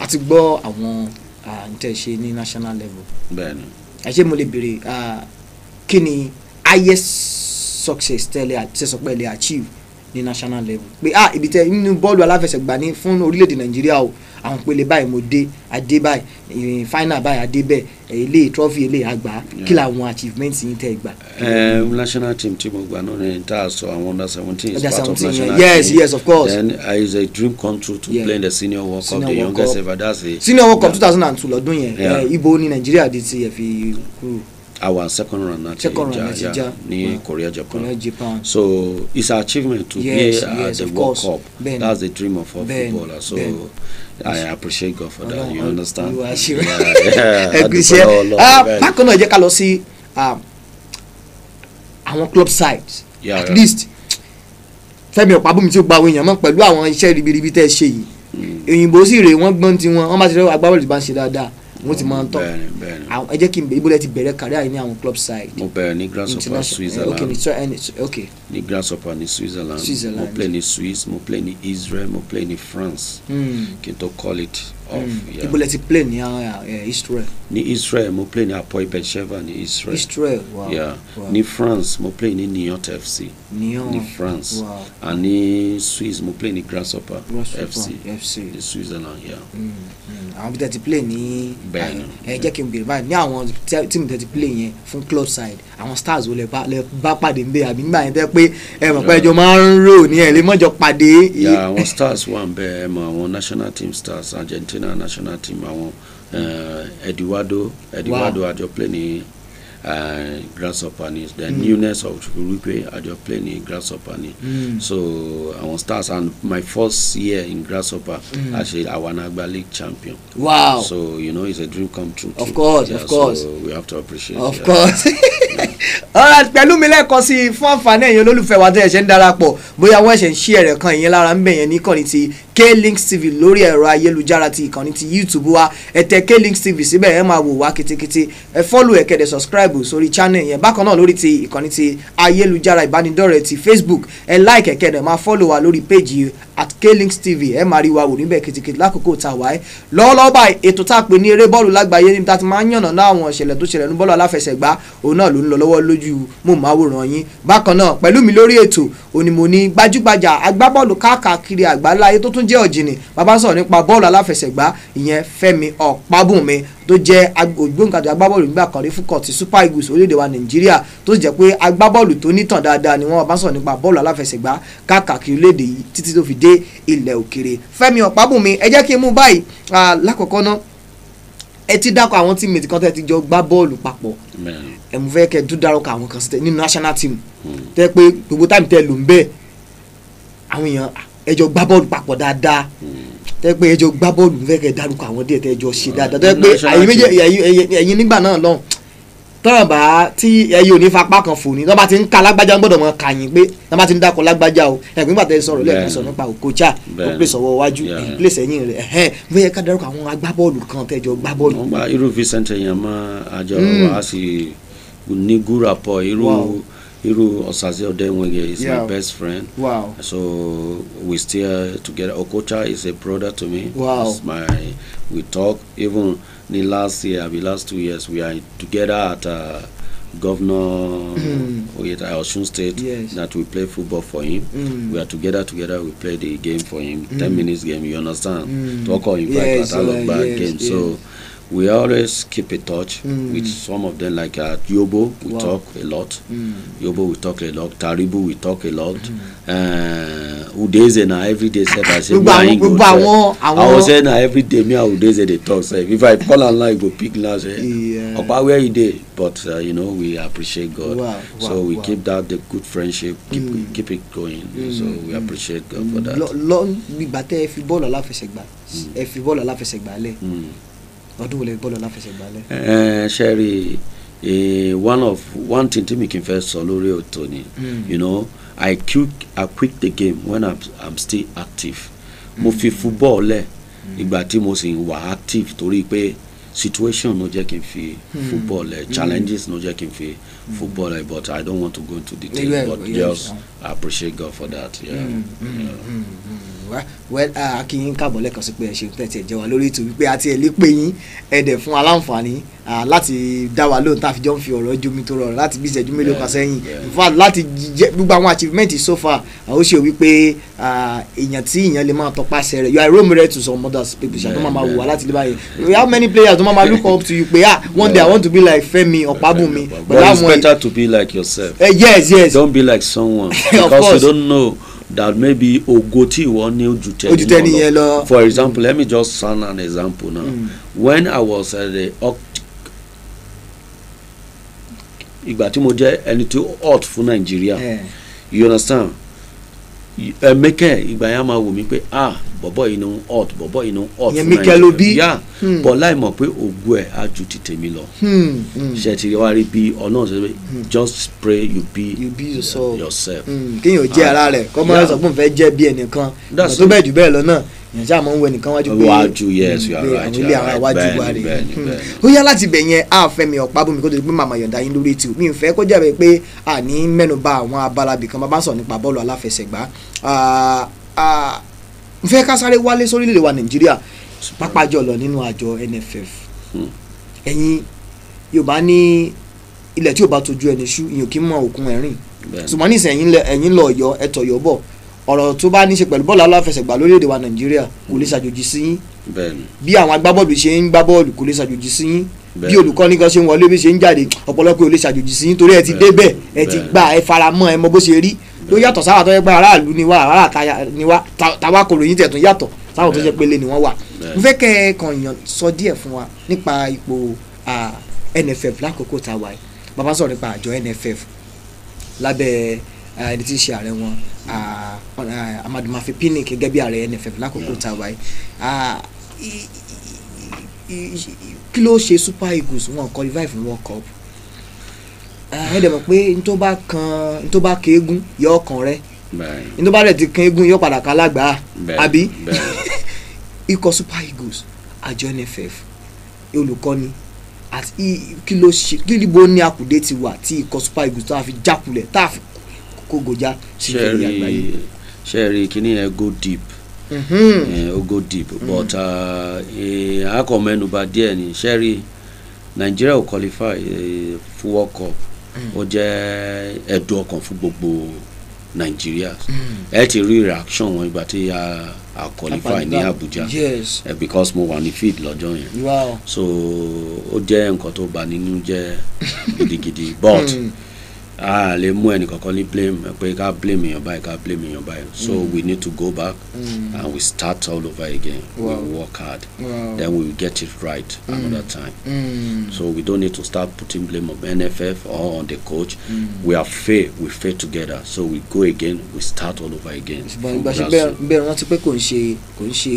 àti ah, gbọ́ àwọn ntẹ̀ṣe ní national level. bẹ́ẹ̀ni àṣé mo lè béèrè kí ni highest success tẹ́lẹ̀ tẹ́sán pẹ́lẹ̀ achieve ní national level pé ah ibi tẹ inú bọ́ọ̀lù aláfẹsẹ̀gbá ní fún orílẹ̀-èdè nàìjíríà o àwọn pele báyìí mo dé adé báyìí final báyìí adé bẹ́ẹ̀ ilé trophy ilé àgbà kí làwọn achievement yìí tẹ́ gbà. national team tí mo gbà náà ní tá a sọ àwọn under seventeen is part of national team yes yes of course then uh, it's a dream come true to play in the senior world cup the youngest ever that's a. senior world cup two thousand and two lọ́dún yẹn ibo ní nàìjíríà di ti ẹ̀ fi kúrò our second run at ti ja yeah, mm. korea japan. korea japan so it's an achievement to yes, be at the world course. cup ben, that's the dream of a ben, footballer so ben. i appreciate god for that you understand. Yeah, <laughs> yeah. Ah, bákan náà jẹ́ ká lọ sí ah, àwọn club sides yeah, at yeah. least fẹ́mi ọ̀pábùnmi tí ó gba àwọn èèyàn mọ́ pẹ̀lú àwọn iṣẹ́ ribiribi tẹ́ ẹ ṣe yìí mm. òyìnbó sì rèé wọ́n gbọ́n tiwọn wọ́n bá ti rẹ́ agbábọ́ọ̀lù bá ń ṣe dáadáa wọ́n ti máa ń tọ́ ẹ jẹ́ kí n bẹ̀rẹ̀ ibùdó ti bẹ̀rẹ̀ career yìí ní àwọn club side. mo bẹ̀rẹ̀ ní grasshopper Switzerland ní grasshopper eh, ní Switzerland. mo play ní Swiss mo play ní Israel mo play ní France hmm. kí n tó call it off. Hmm. ibùdó ti play ní ah, Israel. ní Israel mo play ní Apoy Beersheva ní Israel. Israel wow. Yeah. ní France mo play ní Nyon FC. Nyon ní France wow. and ní Swiss mo play ní grasshopper, grasshopper FC ní Switzerland. Yeah. Mm. Mm àwọn bí tẹ́tí play ní ẹ jẹ́ kí n bèrè báyìí ní àwọn tíìmù tẹ́tí play yẹn fún club side àwọn stars wo lẹ bá pàdé ń bẹ àbí nígbà yẹn tẹ́ pé ẹ mọ̀ pé ẹjọ́ máa ń rò ní ẹ̀ lè mọ̀jọ pàdé. ya àwọn stars wà ń bẹ ẹ mọ àwọn national team stars Argentina national team àwọn eh, Eduardo Eduardo àjọ play ní Uh, grasshopper ni the mm. newness of Wikwe Adeople ni grasshopper ni mm. so I àwọn stars and my first year in grasshopper mm. as a awanagba league champion. wow so you know it's a dream come true. of course yeah, of course so we have to appreciate. of yeah. course. <laughs> alright pẹ̀lú mi lẹ́ẹ̀kan sí i fún àǹfààní ẹ̀yin olólùfẹ́ wa tẹ́ ẹ̀ ṣe ń darapọ̀ bóyá wọ́n ṣe ń ṣí ẹ̀rẹ̀ kan ìyẹn lára ń bẹ̀yẹn níkànnì ti Klinks TV lórí ẹ̀rọ ayélujára ti ìkànnì ti YouTube wa ẹ tẹ Klinks TV síbẹ̀ ẹ máa wò wá kitikiti ẹ fọ́lù ẹ kẹ́dẹ̀ subscribe sórí channel yẹn bákan náà lórí ti ìkànnì ti ayélujára ìbánidọ́rẹ̀ẹ́ ti Facebook ẹ like ẹ kẹ́dẹ̀ máa fọ́lù wa lórí péjì at Klinks TV ẹ máa rí wa wò níbẹ̀ kitikiti lákòókò tá a wà ẹ́ lọ́wọ́lọ́wọ́ báyìí ètò tá a pè ní eré bọ́ọ̀lù lágbàáyé níbi tá a ti máa ń yànnà náà àwọn ìṣẹ̀lẹ̀ tó ṣẹlẹ̀ ní bọ́ọ̀lù aláfẹsẹ̀gbá òun náà ló ń lọ lọ́wọ́ lójú mòmáwòrán yín bákan náà pẹ̀lú mi lórí jẹ́ ọ̀jìnì bàbá sọ̀rọ̀ nípa bọ́ọ̀lù aláfẹsẹ̀gbá ìyẹn Fẹ́mi Ọ̀pábùnmi tó jẹ́ ògbóǹkàtà agbábọ́ọ̀lù nígbà kan rí fúkọ̀ ti Super Eagles orílẹ̀-èdè wa Nàìjíríà tó sì jẹ́ pé agbábọ́ọ̀lù tó nítàn dáadáa ni wọ́n bá sọ̀rọ̀ nípa bọ́ọ̀lù aláfẹsẹ̀gbá káàkiri léde yìí títí tó fi dé ilẹ̀ òkèrè Fẹ́mi Ọ̀pábùnmi ẹ jẹ́ kí n mú báyìí lákọ̀ọ́kọ́ náà ẹ ti dákọ̀ àwọn tíìmẹ̀tì kan tẹ́ ti jọ gbá bọ́ọ̀lù papọ̀ ẹ mú fẹ́ kẹ́ dúdárọ̀ national team hmm. tẹ́ pé gbogbo táìmù tẹ́ ẹ jọ gbá bọ́ọ̀lù papọ̀ dáadáa tẹ́ pé ẹ jọ gbá bọ́ọ̀lù fẹ́ kẹ́ dárúkọ àwọn díẹ̀ tẹ́ jọ ṣe dáadáa tẹ́ pé ẹ̀yin nígbà náà lọ́hùn tọ́nà bá tí ẹyẹ òní fapá kan fò ní tọ́ba ti ń ka lágbájá ń gbọ́dọ̀ mọ kàyìn pé tọ́ba ti ń dákọ̀ lágbájá o ẹ̀gbìn gbàtà ẹ sọ̀rọ̀ lẹ́ẹ̀kan sọ̀rọ̀ nípa Okocha ó pèsè ọwọ́ iwájú ìpìlẹ̀ sẹ́yìn rẹ̀ ẹ̀hẹ́n bó yẹ ká dárúkọ àwọn agbábọ́ọ̀lù kan tẹ́jọ gbábọ́ọ̀lù. wọ́n gba irú Vincent Enyama àjọ hmm. wa sì ní gúrapọ̀ irú. Wow Hiro Osaze Odemwege is yeah. my best friend. Wow. So we still together. Okocha is a brother to me. Wow. He's my we talk even the last year, the last two years, we are together at uh, Governor mm. at Osun State yes. that we play football for him. Mm. We are together together. We play the game for him, mm. ten minutes game. You understand? Mm. Talk or invite yes, uh, yes, game. Yes. So we always keep in touch mm. with some of them like at uh, yobo we wow. talk a lot mm. yobo we talk a lot taribu we talk a lot mm. uh, udeze na everyday sef i say ma him go sef i was say na everyday me and udeze dey talk sef if i call am now he go pick now say opa where you dey but uh, you know we appreciate god wow, wow, so we wow. keep that the good friendship keep mm. keep it going mm. so we appreciate god for mm. that. lọ lọ gbígbà tẹ ẹ fi bọ́ọ̀lù aláfẹsẹ̀gbá mm. ẹ fi bọ́ọ̀lù aláfẹsẹ̀gbá lẹ̀. Mm ọdún wo bọ́ọ̀lù aláfẹsẹ̀gbá lẹ. ẹ ṣe rí i one of one thing tí mi kì í fẹ́ sọ lórí ọ̀tọ̀ ni hmm. you know I quick I quick the game when I'm, I'm still active mo fi hmm. football lẹ̀ hmm. ìgbà tí mo sì wà active torí pé situation no jẹ́ kí n fi football lẹ̀ challenges no jẹ́ kí n fi football lẹ̀ but I don't want to go into detail but just. I appreciate God for that. Yeah. Mm, mm, yeah. Mm, mm. Well, well uh, kí n káàbọ̀ lẹ́ẹ̀kan sí pé ẹ ṣeun tẹ̀tẹ̀ jẹ́ wa lórí ètò wípé àti ẹ̀ lè pè yín ẹ̀dẹ̀ fún aláǹfààní láti dá wa lóhùn tá a fi jọ ń fi ọ̀rọ̀ jomi tó rọrùn láti bí ìṣẹ́jú mélòó kan sẹ́yìn in fact láti jẹ́ gbogbo àwọn achievement so far ó ṣe wípé èèyàn tí èèyàn lè máa tọpasẹ̀ rẹ̀ you are a role model to some others people ṣàtọ́ máa wò wá láti lè báyìí how many players Mama, look up to you pé ah one day I want to be like Fẹ́mi Ọ̀pábùnmi. but it's better to be like yourself. Eh, yes yes. don't be like someone. <laughs> because you don't know that maybe ogoti iwọ ni ojuteni for mm. example mm. let me just send an example now mm. when i was at the ìgbà tí mo jẹ ẹni tí hot fún eh. you understand emeke ìgbà yẹn a ah bọ̀bọ̀ yìí ni hot bọ̀bọ̀ yìí ni hot yẹn Mikel Obi yá hmm. bọ̀ láì mọ̀ pé ògùn ẹ̀ á ju ti tèmi lọ hmm, hmm. ṣe ti wá rí bí ọ̀nà ṣe pé just pray you be, you be yourself, yourself. kéèyàn jẹ́ ah. ara rẹ̀ kọ́ mọ́ ẹ̀sọ́ fún fẹ́ jẹ́ bí ẹnìkan tó bẹ́ẹ̀ jù bẹ́ẹ̀ lọ náà yẹn tí a máa ń wẹ nìkan wájú pé wájú yes you are right ilé àwọn iwájú wa rè ó yá láti bẹ̀ yẹn a fẹ́ mi ọ̀pá bómi kó tó di pé màmá yọ̀ǹda yín lórí ètò mi ò fẹ́ kó jẹ́ pé a ní mẹ́nu bà àwọn abala bìkan bá bá sọ nípa bọ́ọ̀lù aláfẹsẹ̀gbá ah, ah, n fẹ́ ká sáré wálé sórílẹ̀ wa nàìjíríà pápá jọlọ nínú àjọ NFF hmm. ẹ̀yin yorùbá ní ilẹ̀ tí yorùbá tójú ẹni ṣú ìyàn kí n mọ òkun ẹ̀rìn ṣùgbọ́n nísìnyí ẹ̀yin lọ ọ̀yọ́ ẹ̀tọ̀ yọ̀ bọ̀ ọ̀rọ̀ tó bá ní ṣe pẹ̀lú bọ́ọ̀lù aláfẹsẹ̀gbá lórílẹ̀‐èdè wa nàìjíríà kò lè hmm. ṣàjòjì sí yín bí àwọn agbábọ́ọ̀lù ṣe ń gbá bọ́ọ̀lù kò lè ṣàjòjì sí yín bí olùkọ́ni kan ṣe ń wọlé bí ṣe ń jáde ọ̀pọ̀lọpọ̀ ò lè ṣàjòjì sí yín torí ẹ ti débẹ̀ ẹ ti gbà ẹ faramọ́ ẹ mọ bó ṣe rí ló yàtọ̀ sáwà tó yẹ pé aráàlú ni wá aráàlú ni wá táwa kò ròyìn tẹ̀ tún yàtọ̀ sáwà tó yẹ pé lé ni wọ́n wà. mo fẹ́ kẹ́ ẹ kàn yàn sọ díẹ̀ fún wa nípa ipò NFF lákòókò tá a wà yìí bàbá sọ̀rọ̀ nípa àjọ NFF lábẹ́ ẹni tí ń ṣe ààrẹ wọn Amadu Mafi Pinnick gẹ́gẹ́ bí ààrẹ NFF lákòókò tá a wà yìí kí ló ṣe Super Eagles wọn qualify fún World Cup ẹ dẹ̀ mọ̀ pé n tó bá kan n tó bá keegun yọ ọkàn rẹ n tó bá rẹ̀ ti kan eegun yọ padà ká lágbàá àbí <laughs> ikọ̀ super eagles àjọ NFF olùkọ́ni àti kí ló ṣe kí níbo ní akùdé ti wà tí ikọ̀ super eagles tá a fi jákulẹ̀ tá a fi kógojá sí ìfẹ̀yìn àgbáyé. ṣe rí yẹn go deep mm-hmm. ó go deep mm-hmm. but àkọ́ uh, mẹ́nuba díẹ̀ ni ṣe rí Nigeria ò qualify fún World Cup Mm. ó jẹ́ ẹ̀dùn ọkàn fún gbogbo Nàìjíríà mm. ẹ ti rí reaction wọn ìgbà tí a qualify ní Abuja yes. Eh, because mo wà ní field lọ́jọ́ yẹn wow. so ó jẹ́ nǹkan tó bà nínú jẹ́ gidigidi but. <laughs> Mm a lè mú ẹnìkankan ní blame pé ká blame èèyàn báyìí ká blame èèyàn báyìí so mm. we need to go back mm. and we start all over again wow. we work hard wow. then we will get it right mm. another time mm. so we don't need to start putting blame on NFF or on the coach mm. we are fair we fair together so we go again we start all over again. ṣùgbọ́n ìgbà ṣe bẹ́ẹ̀ rántí pé kò ń ṣe kò ń ṣe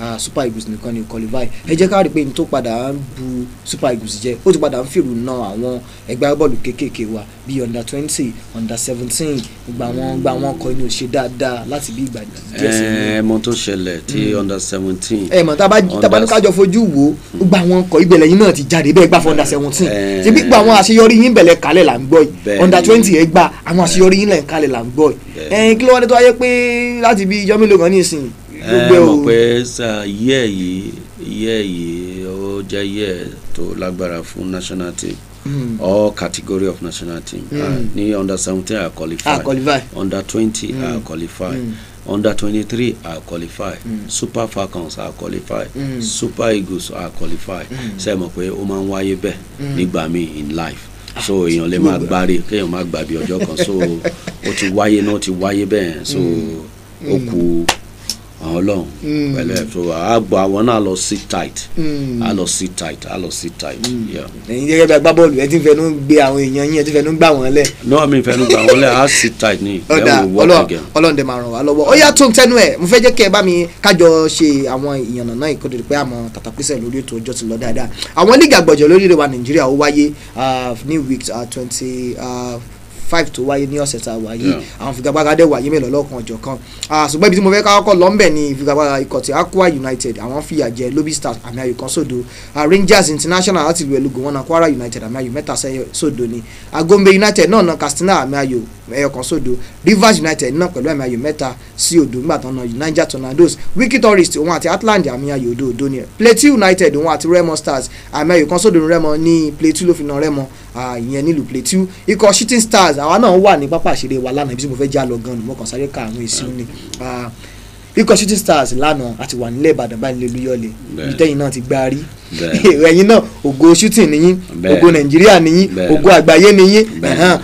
Ah, super eagles nìkan ni qualify ẹ jẹ́ ká rí i pé n tó padà ń bu super eagles jẹ́ ó ti padà ń fìrù na àwọn ẹgbẹ́ bọ́ọ̀lù kéékèèké wa bíi under twenty under seventeen gba wọn gba wọn kọ inú ṣe dáadáa láti bí ìgbà díẹ̀ sí. ẹ mọ tó ṣẹlẹ̀ tí hmm. under seventeen. ẹ mọ tabaníkájọ fojú wo hmm. gba wọn kọ ibẹ̀lẹ̀ yín náà ti jáde bẹ́ẹ̀ gbà fún under seventeen ṣe bí gba àwọn àṣeyọrí yín bẹ̀lẹ̀ kalẹ̀ là ń gbọ́ yìí under twenty ẹ gba àwọn àṣeyọrí yín lẹ̀ ń kalẹ̀ là ń gbọ́ yìí. ẹ kí ló wá dé tó wáyé pé láti bí ijọ́ mélòó kan ní ìsìn ẹ mọ̀ pé yíyẹ yìí yíyẹ yìí ó jẹ́ yíyẹ tó lágbára fún national team all hmm. category of national team mm. ní under seventeen I qualify are qualify under twenty I hmm. qualify hmm. under twenty-three I qualify super falcons I qualify super eagles I qualify ṣe mọ̀ pé ó máa ń wáyé bẹ́ẹ̀ nígbà míì in life ah, so èèyàn lè máa gbáre kéèyàn máa gbàgbé ọjọ́ kan so ó ti wáyé náà ó ti wáyé bẹ́ẹ̀ so ó kù. Mm àwọn ọlọ́run mm. pẹ̀lú ẹ̀ so a gbọ́ àwọn náà lọ sit tight mm. a lọ sit tight a lọ sit tight. Mm. ẹ̀yin gẹ́gẹ́ bí agbábọ́ọ̀lù ẹ ti fẹnu gbé àwọn èèyàn yín ẹ ti fẹnu gbà wọ́n lẹ̀. náà mi fẹnu gbà wọ́n lẹ̀ a sit tight ni ọ̀dà ọlọ́run dẹ̀ máa ràn wá lọ́wọ́ ó yá tó ń tẹnu ẹ̀ mo fẹ́ jẹ́ kí ẹ bá mi kájọ ṣe àwọn ìyànnà náà ìkó dèrè pé àmọ́ tàtàpísẹ̀ lórí ètò ọjọ́ ti lọ dáadáa àwọn lígà gbọ̀jọ̀ lórí rẹ̀ wa Nàìjíríà ó wáyé uh, ní week uh, twenty uh, five tó wáyé ní ọ̀sẹ̀ tá a wáyé àwọn ìfigagbága dẹ̀ wáyé mélòó lọ́kàn ọ̀jọ̀ kan ṣùgbọ́n ibi tí mo fẹ́ káwọ́kọ́ lọ ńbẹ̀ ni ìfigagbága ikọ̀ ti Akwa United àwọn fìyà jẹ Lobi Stars àmì ayò kan sódo Rangers International láti ìlú Enugu wọn na Kwara United àmì ayò mẹ́ta sódo ni Agombe United náà na Katsina àmì ayò ẹyọkan sódo Rivers United náà pẹ̀lú àmì ayò mẹ́ta sí òdo nígbà tán na Niger Tornadoes Wiki Tourist òun àti Atland àmì ayò òdo òdo ni Plateau United òun àti Remo Stars àmì ayò kan sódo ni, Remo ní Plateau ló fi na Remo ìyẹn nílùú Plateau ikọ̀ Shooting Stars àwa náà wà ní pápá àṣírí wa lánàá ibi tí mo fẹ́ já lọ gan ni mo kàn sáré ka àwọn èsì ni mm. ah, ikọ̀ shooting stars lánàá àti wà nílẹ̀ ìbàdàn báyìí lélúyọ̀lẹ̀ ìtẹ́yìn náà ti gbá rí <laughs> ẹ̀yin náà ògo shooting nìyí ògo nàìjíríà nìyí ògo àgbáyé nìyí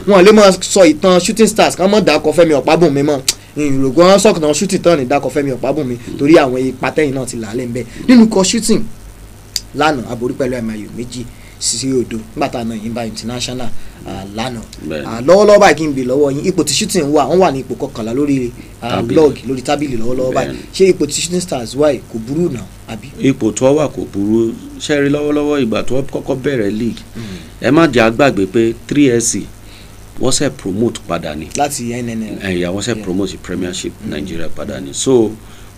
wọn lè máa sọ ìtàn shooting stars kàn mọ́ dàkọ Fẹ́mi Ọ̀pábùnmi mọ́ ìrògbò wọn sọ̀kàn náà shooting tán ní dàkọ Fẹ́mi Ọ̀pábùnmi torí àwọn ipa tẹ́yìn náà ti là á lẹ́ nínú ikọ̀ shooting lánàá aborí pẹ̀lú àmàyò méjì sí odò nígbà tá a nà yín bá international lánàá lọ́wọ́lọ́wọ́ báyìí kí n bè lọ́wọ́ yín ipò tí shooting wà wọ́n wà ní ipò kọkànlá lórí blog lórí tábìlì lọ́wọ́lọ́wọ́ báyìí ṣé ipò tí shooting stars wà yìí kò burú náà àbí. ipò tó wà kò burú ṣẹ́rí lọ́wọ́lọ́wọ́ ìgbà tó kọ́kọ́ bẹ̀rẹ̀ league ẹ má jẹ́ àgbàgbé pé 3SC wọ́n ṣe promote padà ni. láti NNL. ẹ̀yà wọ́n ṣe promote premiership mm. Nigeria padà ni so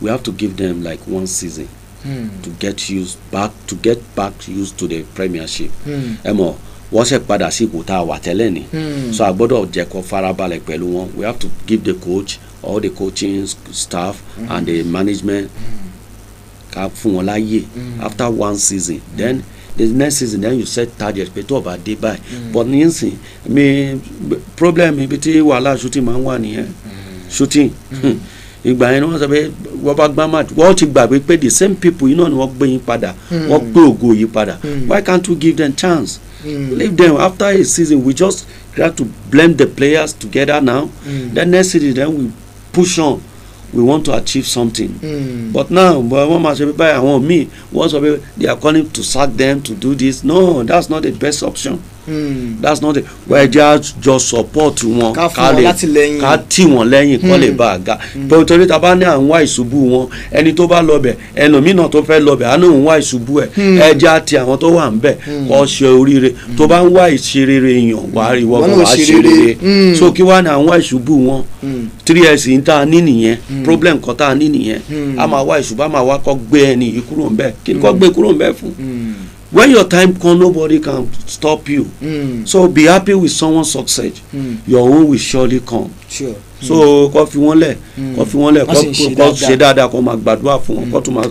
we have to give them like one season Hmm. to get used back to get back used to the premiership hmm. ẹ mọ̀ wọ́n ṣe padà sí ipò tá a wà tẹ́lẹ̀ ni hmm. so a gbọ́dọ̀ jẹ́ kó farabalẹ̀ pẹ̀lú wọn we have to give the coach all the coaching staff mm. and the management ká fún wọn láàyè after one season mm. then the next season then you set target pé tó o bá dé báyìí but nísìn mi problem ibi tí wàhálà shooting máa ń wà nìyẹn shooting. Mm. <laughs> ìgbà yẹn ni wọ́n sọ pé wọ́n bá gbá match wọ́n ti gbàgbé pé the same people iná ni wọ́n gbé yín padà hmm. wọ́n gbé ògo yín padà hmm. why can't we give them chance mm. leave them after a season we just try to blend the players together now mm. then next season then we push on we want to achieve something mm. but now wọ́n máa ṣe pé báyìí àwọn míì wọ́n sọ pé they are calling to sack them to do this no that's not the best option. Hmm. that's not it We just just support wọn ká lè ká tì wọ́n lẹ́yìn kọ́ lè hmm. bá a ga pẹ̀lú hmm. torí ta bá ní à ń wá ìṣubú wọn ẹni tó bá lọbẹ̀ ẹlòmínà tó fẹ́ lọbẹ̀ àánú ń wá ìṣubú ẹ̀ ẹ jẹ́ àti àwọn tó wà ń bẹ̀ kọ́ ṣe oríire tó bá ń wá ìṣerere yàn wá ìwọ kan wá ṣerere so kí wá ní à ń wá ìṣubú wọn three years ń tá ní nìyẹn problem kan tá a ní nìyẹn a máa wá ìṣubú a máa wá kọ́ gbé ẹni yìí kúrò ń bẹ̀ kí kọ́ gbé kúrò ń bẹ̀ fún when your time come nobody can stop you mm. so be happy with someone's success mm. your own will surely come sure. so hmm. kọ́ fi wọ́n lẹ̀ hmm. kọ́ fi wọ́n lẹ̀ kọ́ ṣe dáadáa kọ́ máa gbàdúrà fún wọn hmm. kọ́ tún máa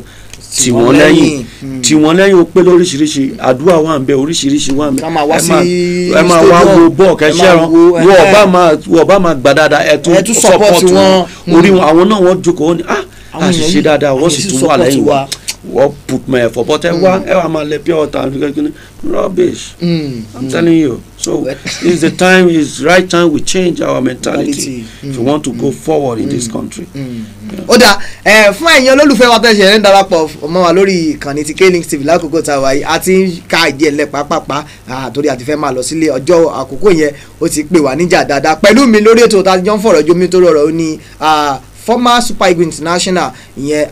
tì wọ́n lẹ́yìn tì wọ́n lẹ́yìn ó pé lóríṣiríṣi àdúrà wà ń bẹ oríṣiríṣi wà ń bẹ ẹ máa wá wo bọ́ọ̀ kẹ́sẹ́ rán wọ́n ọba máa wọ́n ọba máa gbà dáadáa ẹ tún support wọn orí wọn àwọn náà wọ́n jókòó wọn ni ah àṣìṣe dáadáa wọ́n sì tún wà lẹ́yìn wọn What put mọ́ ẹ̀fọ́ but ẹ wá mm. ẹ wá máa lẹ rubbish mm. i'm mm. telling you so mm. it's the time it's right time we change our mentality mm. if we want to go mm. forward in this country. ó dà fún ẹ̀yin olólùfẹ́ wa tẹ̀sẹ̀ rẹ̀ ń darapọ̀ mọ́ wa lórí ìkànnì ti Kaylinkz TV lákòókò tá a wáyé a ti ń ka ìdí ẹ̀lẹ́ pàápàá àtòrí àti fẹ́ máa lọ sílé ọjọ́ àkókò yẹn ó ti pè wá níjà dáadáa pẹ̀lú mi lórí ètò tá a jọ ń fọ̀rọ̀ jomi tó rọrọ̀ ó ní former Super Eagles international ìyẹn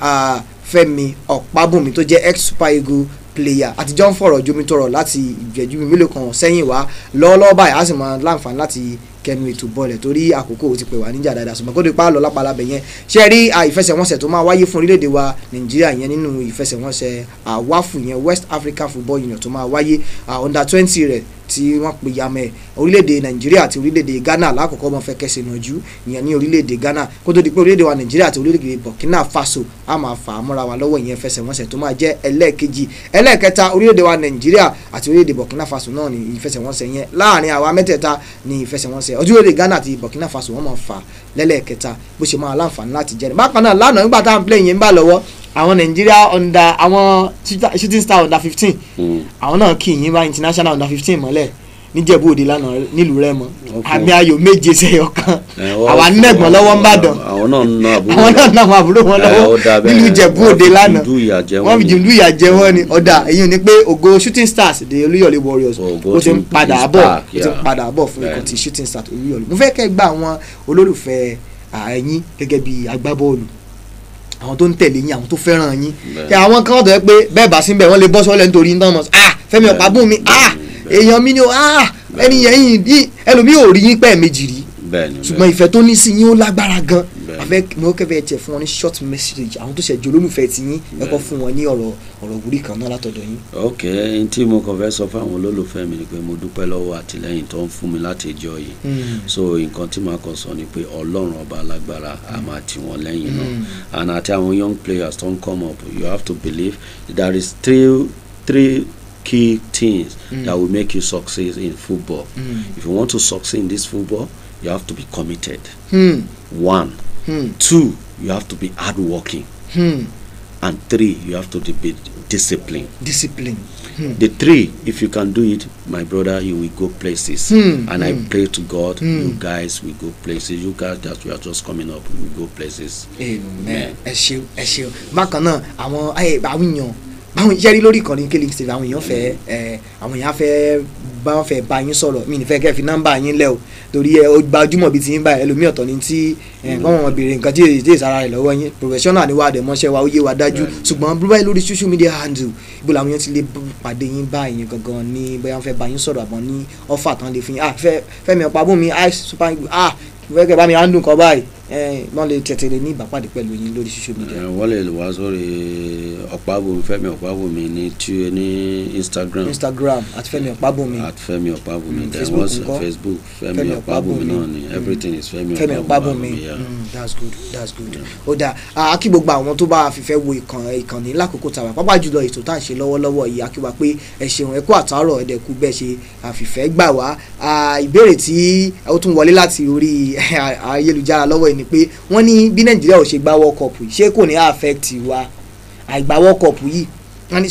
fẹ́mi ọ̀pábùnmi tó jẹ́ ex super eagle player àtijọ́ ń fọ̀rọ̀ jomitoro láti ìjẹ́jú mélòó kan sẹ́yìn wá lọ́wọ́lọ́wọ́ báyìí a sì máa láǹfààní láti kẹ́nu ètò bọ́ọ̀lẹ̀ torí àkókò ti pè wá níjà dáadáa ṣùgbọ́n kódé pa lọ lápalá bẹ̀ yẹn ṣe rí ìfẹsẹ̀wọnsẹ̀ tó máa wáyé fún orílẹ̀-èdè wa nàìjíríà yẹn nínú ìfẹsẹ̀wọnsẹ̀ àwáfù yẹn West African Football Union tó máa wáyé under twenty rẹ̀ tí wọ́n pe yamẹ́ orílẹ̀-èdè nàìjíríà àti orílẹ̀-èdè ghana lákòókò ọmọ fẹ́ kẹsẹ̀ náà jù ìyẹn ní orílẹ̀-èdè ghana kó tó di pé orílẹ̀-èdè wa nàìjíríà àti orílẹ̀-èdè burkina faso a máa fà á mọ́ra wa lọ́wọ́ ìyẹn ìfẹsẹ̀wọnsẹ̀ tó máa jẹ́ ẹlẹ́ẹ̀kejì ẹlẹ́ẹ̀kẹta orílẹ̀-èdè wa nàìjíríà àti orílẹ̀-èdè burkina faso náà ní ìfẹsẹ̀wọnsẹ̀ yẹn láàrin àwa mẹ́tẹ̀ẹ̀ta ní ìfẹsẹ̀wọnsẹ̀ ẹsẹ̀ ojúlóde Ghana àti Burkina Faso wọ́n máa fà lẹ́lẹ́kẹta bó ṣe máa láǹfààní láti jẹ́ ni bákan náà lánàá nígbà tá à ń play yẹn ń bá lọ́wọ́ àwọn Nàìjíríà under àwọn shooting star under fifteen hmm. àwọn náà kì í yín bá international under fifteen mọ́lẹ̀ níjẹ̀bú òde lánàá nílùú rẹ́mọ àmì ayò méje sẹ́yọ kan <laughs> eh, àwa nẹ́gbọ̀n lọ́wọ́ ń bàdàn àwọn náà ná àwọn àbúrò wọn eh, lọ́wọ́ nílùú jẹ̀bú òde lánàá wọ́n fi jùlù ìyà jẹ wọ́n ni ọ̀dà èyí ni pé ògo shooting stars de olúyọ̀lé warriors ó ti ń padà bọ̀ ó ti ń padà bọ̀ fún ikọ̀ ti shooting stars olúyọ̀lé mo fẹ́ kẹ́ gba àwọn olólùfẹ́ àyín gẹ́gẹ́ bí agbábọ́ọ̀lù àwọn tó ń tẹ̀lé yín àwọn tó fẹ́ràn yín àwọn kan tó yẹ pé bẹ́ẹ̀ bá síbẹ̀ wọ́n lè bọ́ sọ́lẹ̀ nítorí ń tọ́mọ̀ ah Fẹ́mi Ọ̀pábùnmi ah èèyàn mi ni o ah ẹni yẹn yìí ẹlòmíì ò rí yín pẹ́ẹ̀ méjì rí ṣùgbọ́n ìfẹ́ tó ní sí yín ó lágbára gan-an mo kẹ́ bẹ́ẹ̀ tiẹ̀ fún wọn ní short message àwọn tó ṣẹ̀jẹ̀ olólùfẹ́ ti yín ẹ kọ́ fún wọn ní ọ̀rọ̀ ọ̀rọ̀ wúrí kan náà látọ̀dọ̀ yín. ok n tí mo kàn fẹ́ sọ fún olólùfẹ́ mi ni pé mo dúpẹ́ lọ́wọ́ àtìlẹ́yìn tó ń fún mi láti ìjọ yìí hmm. so nǹkan tí màá kàn sọ ni pé ọlọ́run ọba alágbára a hmm. máa tì wọ́n lẹ́yìn náà hmm. and àti àwọn young players tó come up you have to believe there is three three key things mm. that will make you succeed in football. Mm. If you want to succeed in this football, you have to be committed. Mm. One, Hmm. Two, you have to be hardworking. Hmm. And three, you have to be disciplined. Discipline. Hmm. The three, if you can do it, my brother, you will go places. Hmm. And hmm. I pray to God, you hmm. guys will go places. You guys that we are just coming up, we go places. Amen. Ẹ ṣeun, ẹ ṣeun. Bákan náà, àwọn àwọn èèyàn báwọn yẹ́rí lórí ìkànnì kílì sí àwọn èèyàn fẹ́ àwọn èèyàn fẹ́ bá wọn fẹ́ bá yín sọ̀rọ̀ mi nífẹ̀ẹ́ kẹ́ fi nọ́mbà yín lẹ̀ o torí ẹ o gbajúmọ̀ bíi ti yín báyìí ẹlòmíì ọ̀tọ̀ ni tí wọ́n mọ̀ béèrè nǹkan tí èyí tí ìsara rẹ̀ lọ́wọ́ yín professional ni wà á dẹ̀ mọ́ṣẹ́ wa ó yé wa dájú ṣùgbọ́n bíbáyì lórí social media handle ibo làwọn yẹn ti lè pàdé yín báyìí gangan ní bóyá wọ́n fẹ́ bá yín sọ̀rọ̀ àbọ̀ ní ọ́fà tán lè fi ah fẹ́ fẹ́ mi ọ̀pá bùn mi ah super ah fẹ́ kẹ́ bá mi handle kan wọ́n lè tẹ̀tẹ̀lẹ̀ ní ìbápàdé pẹ̀lú yín lórí social media. wọ́n lè wá sórí ọ̀pábòmí fẹ́mi ọ̀pábòmí ní tíwẹ́ ní instagram. instagram at fẹ́mi ọ̀pábòmí. at fẹ́mi ọ̀pábòmí mm, then facebook fẹ́mi ọ̀pábòmí náà ni mm. everything is fẹ́mi ọ̀pábòmí. Mm, that's good that's good ó dáa akí gbogbo àwọn tó bá fìfẹ́ wo ìkànnì lákòókò tàwa pápá jùlọ ètò tá à ń ṣe lọ́wọ́lọ́wọ́ yìí akí wa pé ẹ ṣeun ẹ kú àtàárọ̀ ẹ dẹ̀ kú bẹ́ẹ̀ ṣe àfìfẹ́ gbà wá ìbéèrè <laughs> ni pé wọ́n ní bí nàìjíríà ò ṣe gba world yìí ṣé kò ní affect wa àìgbà world cup yìí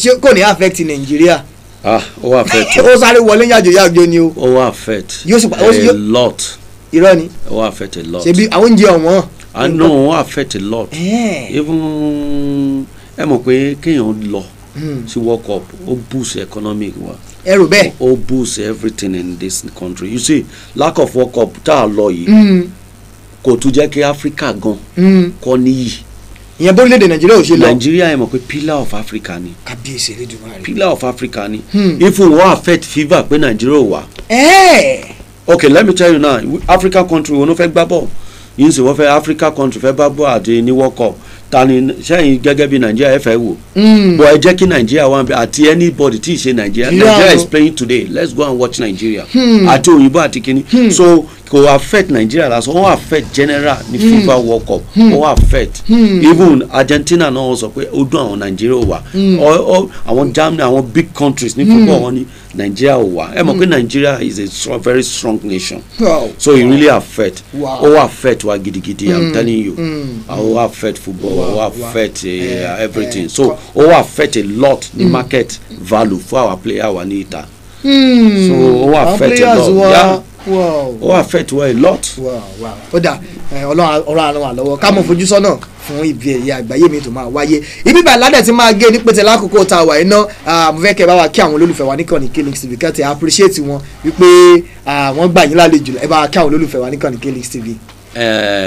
ṣé kò ní affect nàìjíríà. ah ó wà affect. <laughs> ó sáré wọlé yàjò yàjò ni o. ó wà affect a lot. irọ́ ni. ó wà affect a lot. ṣebí àwọn oúnjẹ ọ̀wọ́n. i ah, know O wà affect a lot. even ẹ mọ̀ pé kéèyàn lọ hmm. sí world cup ó boost economic wa ẹrù bẹ́ẹ̀. ó boost everything in this country you see lack of world cup tá a lọ yìí hmm kò tún jẹ́ kí áfíríkà gan hmm. kọ́ níyì. ìyẹn bórílẹ̀-èdè nàìjíríà ò ṣe lọ. nàìjíríà yẹn mọ̀ pé pillar of africa ni. kábíyèsí elédùnmáà rẹ. pillar of africa ni. Hmm. ifun wa affect fever pé nàìjíríà ò wà. okay let me tell you now african country wo ló fẹ́ gbá bọ̀ yìí ń sè wọ́n fẹ́ african country fẹ́ bá bọ̀ àti ní world cup tani sẹ́yìn gẹ́gẹ́ bí nàìjíríà ẹ fẹ́ wò. Hmm. bọ̀ ẹ jẹ́ kí nàìjíríà wà àti anybody tí ì ṣe nàìjíríà nàìjíríà is playing today let's go and watch nàìjíríà. Hmm. àti òyìnbó àti kínní. Hmm. so kò affect nàìjíríà lásán wọ́n affect general ní fifa world cup wọ́n affect even argentina náà wọ́n sọ pé ó dún àwọn nàìjíríà ò wà àwọn germany àwọn big countries ní football wọn ni nàìjíríà ò wà ẹ mọ̀ pé nàìjíríà is a strong, very strong nation wow. so e really affect ó wow. affect wa gidigidi i'm telling you ó affect football wa ó affect eh, eh, uh, eh, everything so ó affect a lot The hmm. market value for our player wa ní ìta hmm. so ó affect a lot yeah ó affect wa a lot. ó dà ọlọ́run àrùn àlọ́wọ́ ká mọ̀ fojú sọ́nà fún ibi ẹ̀yẹ àgbáyé mi tó máa wáyé ibi ìbàládẹ̀ tí máa gé ní pété lákòókò tá a wà iná mo fẹ́ kẹ́ ẹ bá wa kí àwọn olólùfẹ́ wa níkànnì KLix TV kẹ́ ẹ ti appreciate wọn wípé wọ́n gbà yín lálejò ẹ bá wa kí àwọn olólùfẹ́ wa níkànnì KLix TV.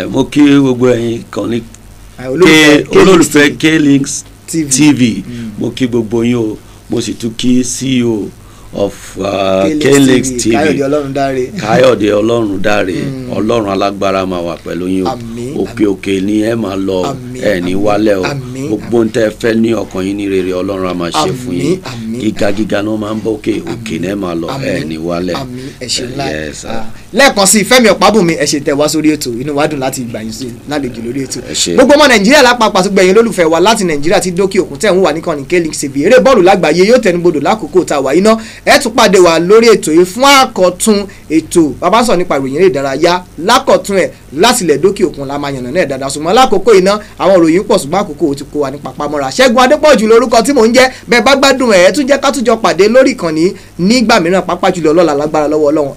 mo kí gbogbo ẹ̀yin kan ní olólùfẹ́ Klinks TV hmm. mo kí gbogbo yín o mo sì tún kí CEO of uh, Klinks TV Káyọ̀dé Ọlọ́run dáre hmm. Ọlọ́run alágbára máa wà pẹ̀lú yín o òkè òkè ni ẹ máa lọ o ẹ ní wálẹ̀ o gbogbo ń tẹ́ fẹ́ ní ọkàn yín ní rere ọlọ́run a máa ṣe fún yín gíga gíga náà máa ń bọ́ òkè òkè náà máa lọ ẹ ní wálẹ̀ ah, lẹ́ẹ̀kan sí Fẹ́mi Ọ̀pábùnmi ẹ ṣé tẹ́ wá sórí ètò inú wa dùn láti gbà yín sí lálejò lórí ètò gbogbo ọmọ Nàìjíríà lápapọ̀ àti gbẹ̀yìn olólùfẹ́ wa láti Nàìjíríà ti dókè òkun tẹ̀ ń wà nìkan ní kẹ́lí eré bọ́ọ̀lù lágbàáyé yóò tẹnubodò lákòókò tá a wà iná ẹ tún pàdé wa lórí ètò yìí fún àkọ́tún ètò babasọ̀ nípa ìròyìn eré ìdárayá lákọ̀tún ẹ̀ láti ilẹ̀ dókè òkun la máa yànnà náà dáadáa ṣùgbọ́n lákòókò iná àwọn òròyìn pọ̀ ṣùgbọ́n àkókò ti kó wa ní papamọ́ra ṣẹ́gun adépọ̀jù lórúkọ tí mò ń jẹ́ bẹ́ẹ̀ bá gbádùn ẹ̀ tún jẹ́ ká tún jọ pàdé lórí ìkànnì nígbà mìíràn pàápàá jùlọ lọ́la lágbára lọ́wọ́ ọlọ́run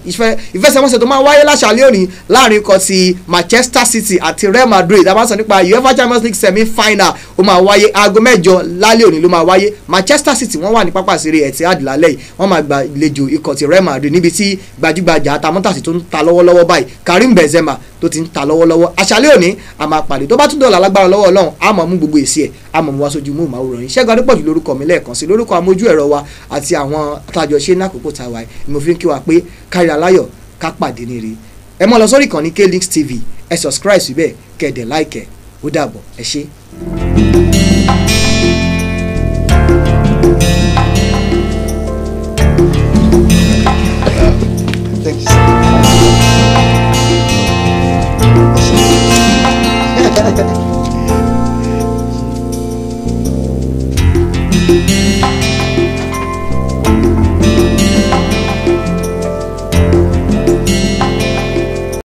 ìfẹsẹ̀wọnsẹ̀ tó máa wáyé láṣàlẹ̀ òní láàrin ikọ̀ ti manchester city àti real madrid a máa sọ nípa uefa champions league semi final ó máa wáyé aago mẹ́jọ lálẹ́ òní ló máa wáyé manchester city wọ́n wà ní pápá ìṣeré etihad lálẹ́ yìí wọ́n máa gbàlejò ikọ̀ ti real madrid níbi tí gbajúgbajà atamọ́tàsí tó ń ta lọ́wọ́lọ́wọ́ báyìí karim benzema tó ti ń ta lọ́wọ́lọ́wọ́ àṣálẹ́ òní a máa pàdé tó bá tún dọ̀là lágbára lọ́wọ́ ọlọ́run a máa mú gbogbo èsì ẹ̀ a máa mú wá sójú mú ìmáwòrán yìí ṣẹ́gun adépọ̀jù lórúkọ mi lẹ́ẹ̀kan sí lórúkọ amójú ẹ̀rọ wa àti àwọn tájọ ṣe ní àkókò tàwa ẹ̀ ni mo fi ń kí wa pé kárí aláyọ̀ ká pàdé ní rí ẹ mọ́ lọ sórí ìkànnì Klinks TV ẹ subscribe síbẹ̀ kẹ̀dẹ̀ láìkẹ̀ ó dàbọ̀ ẹ ṣé.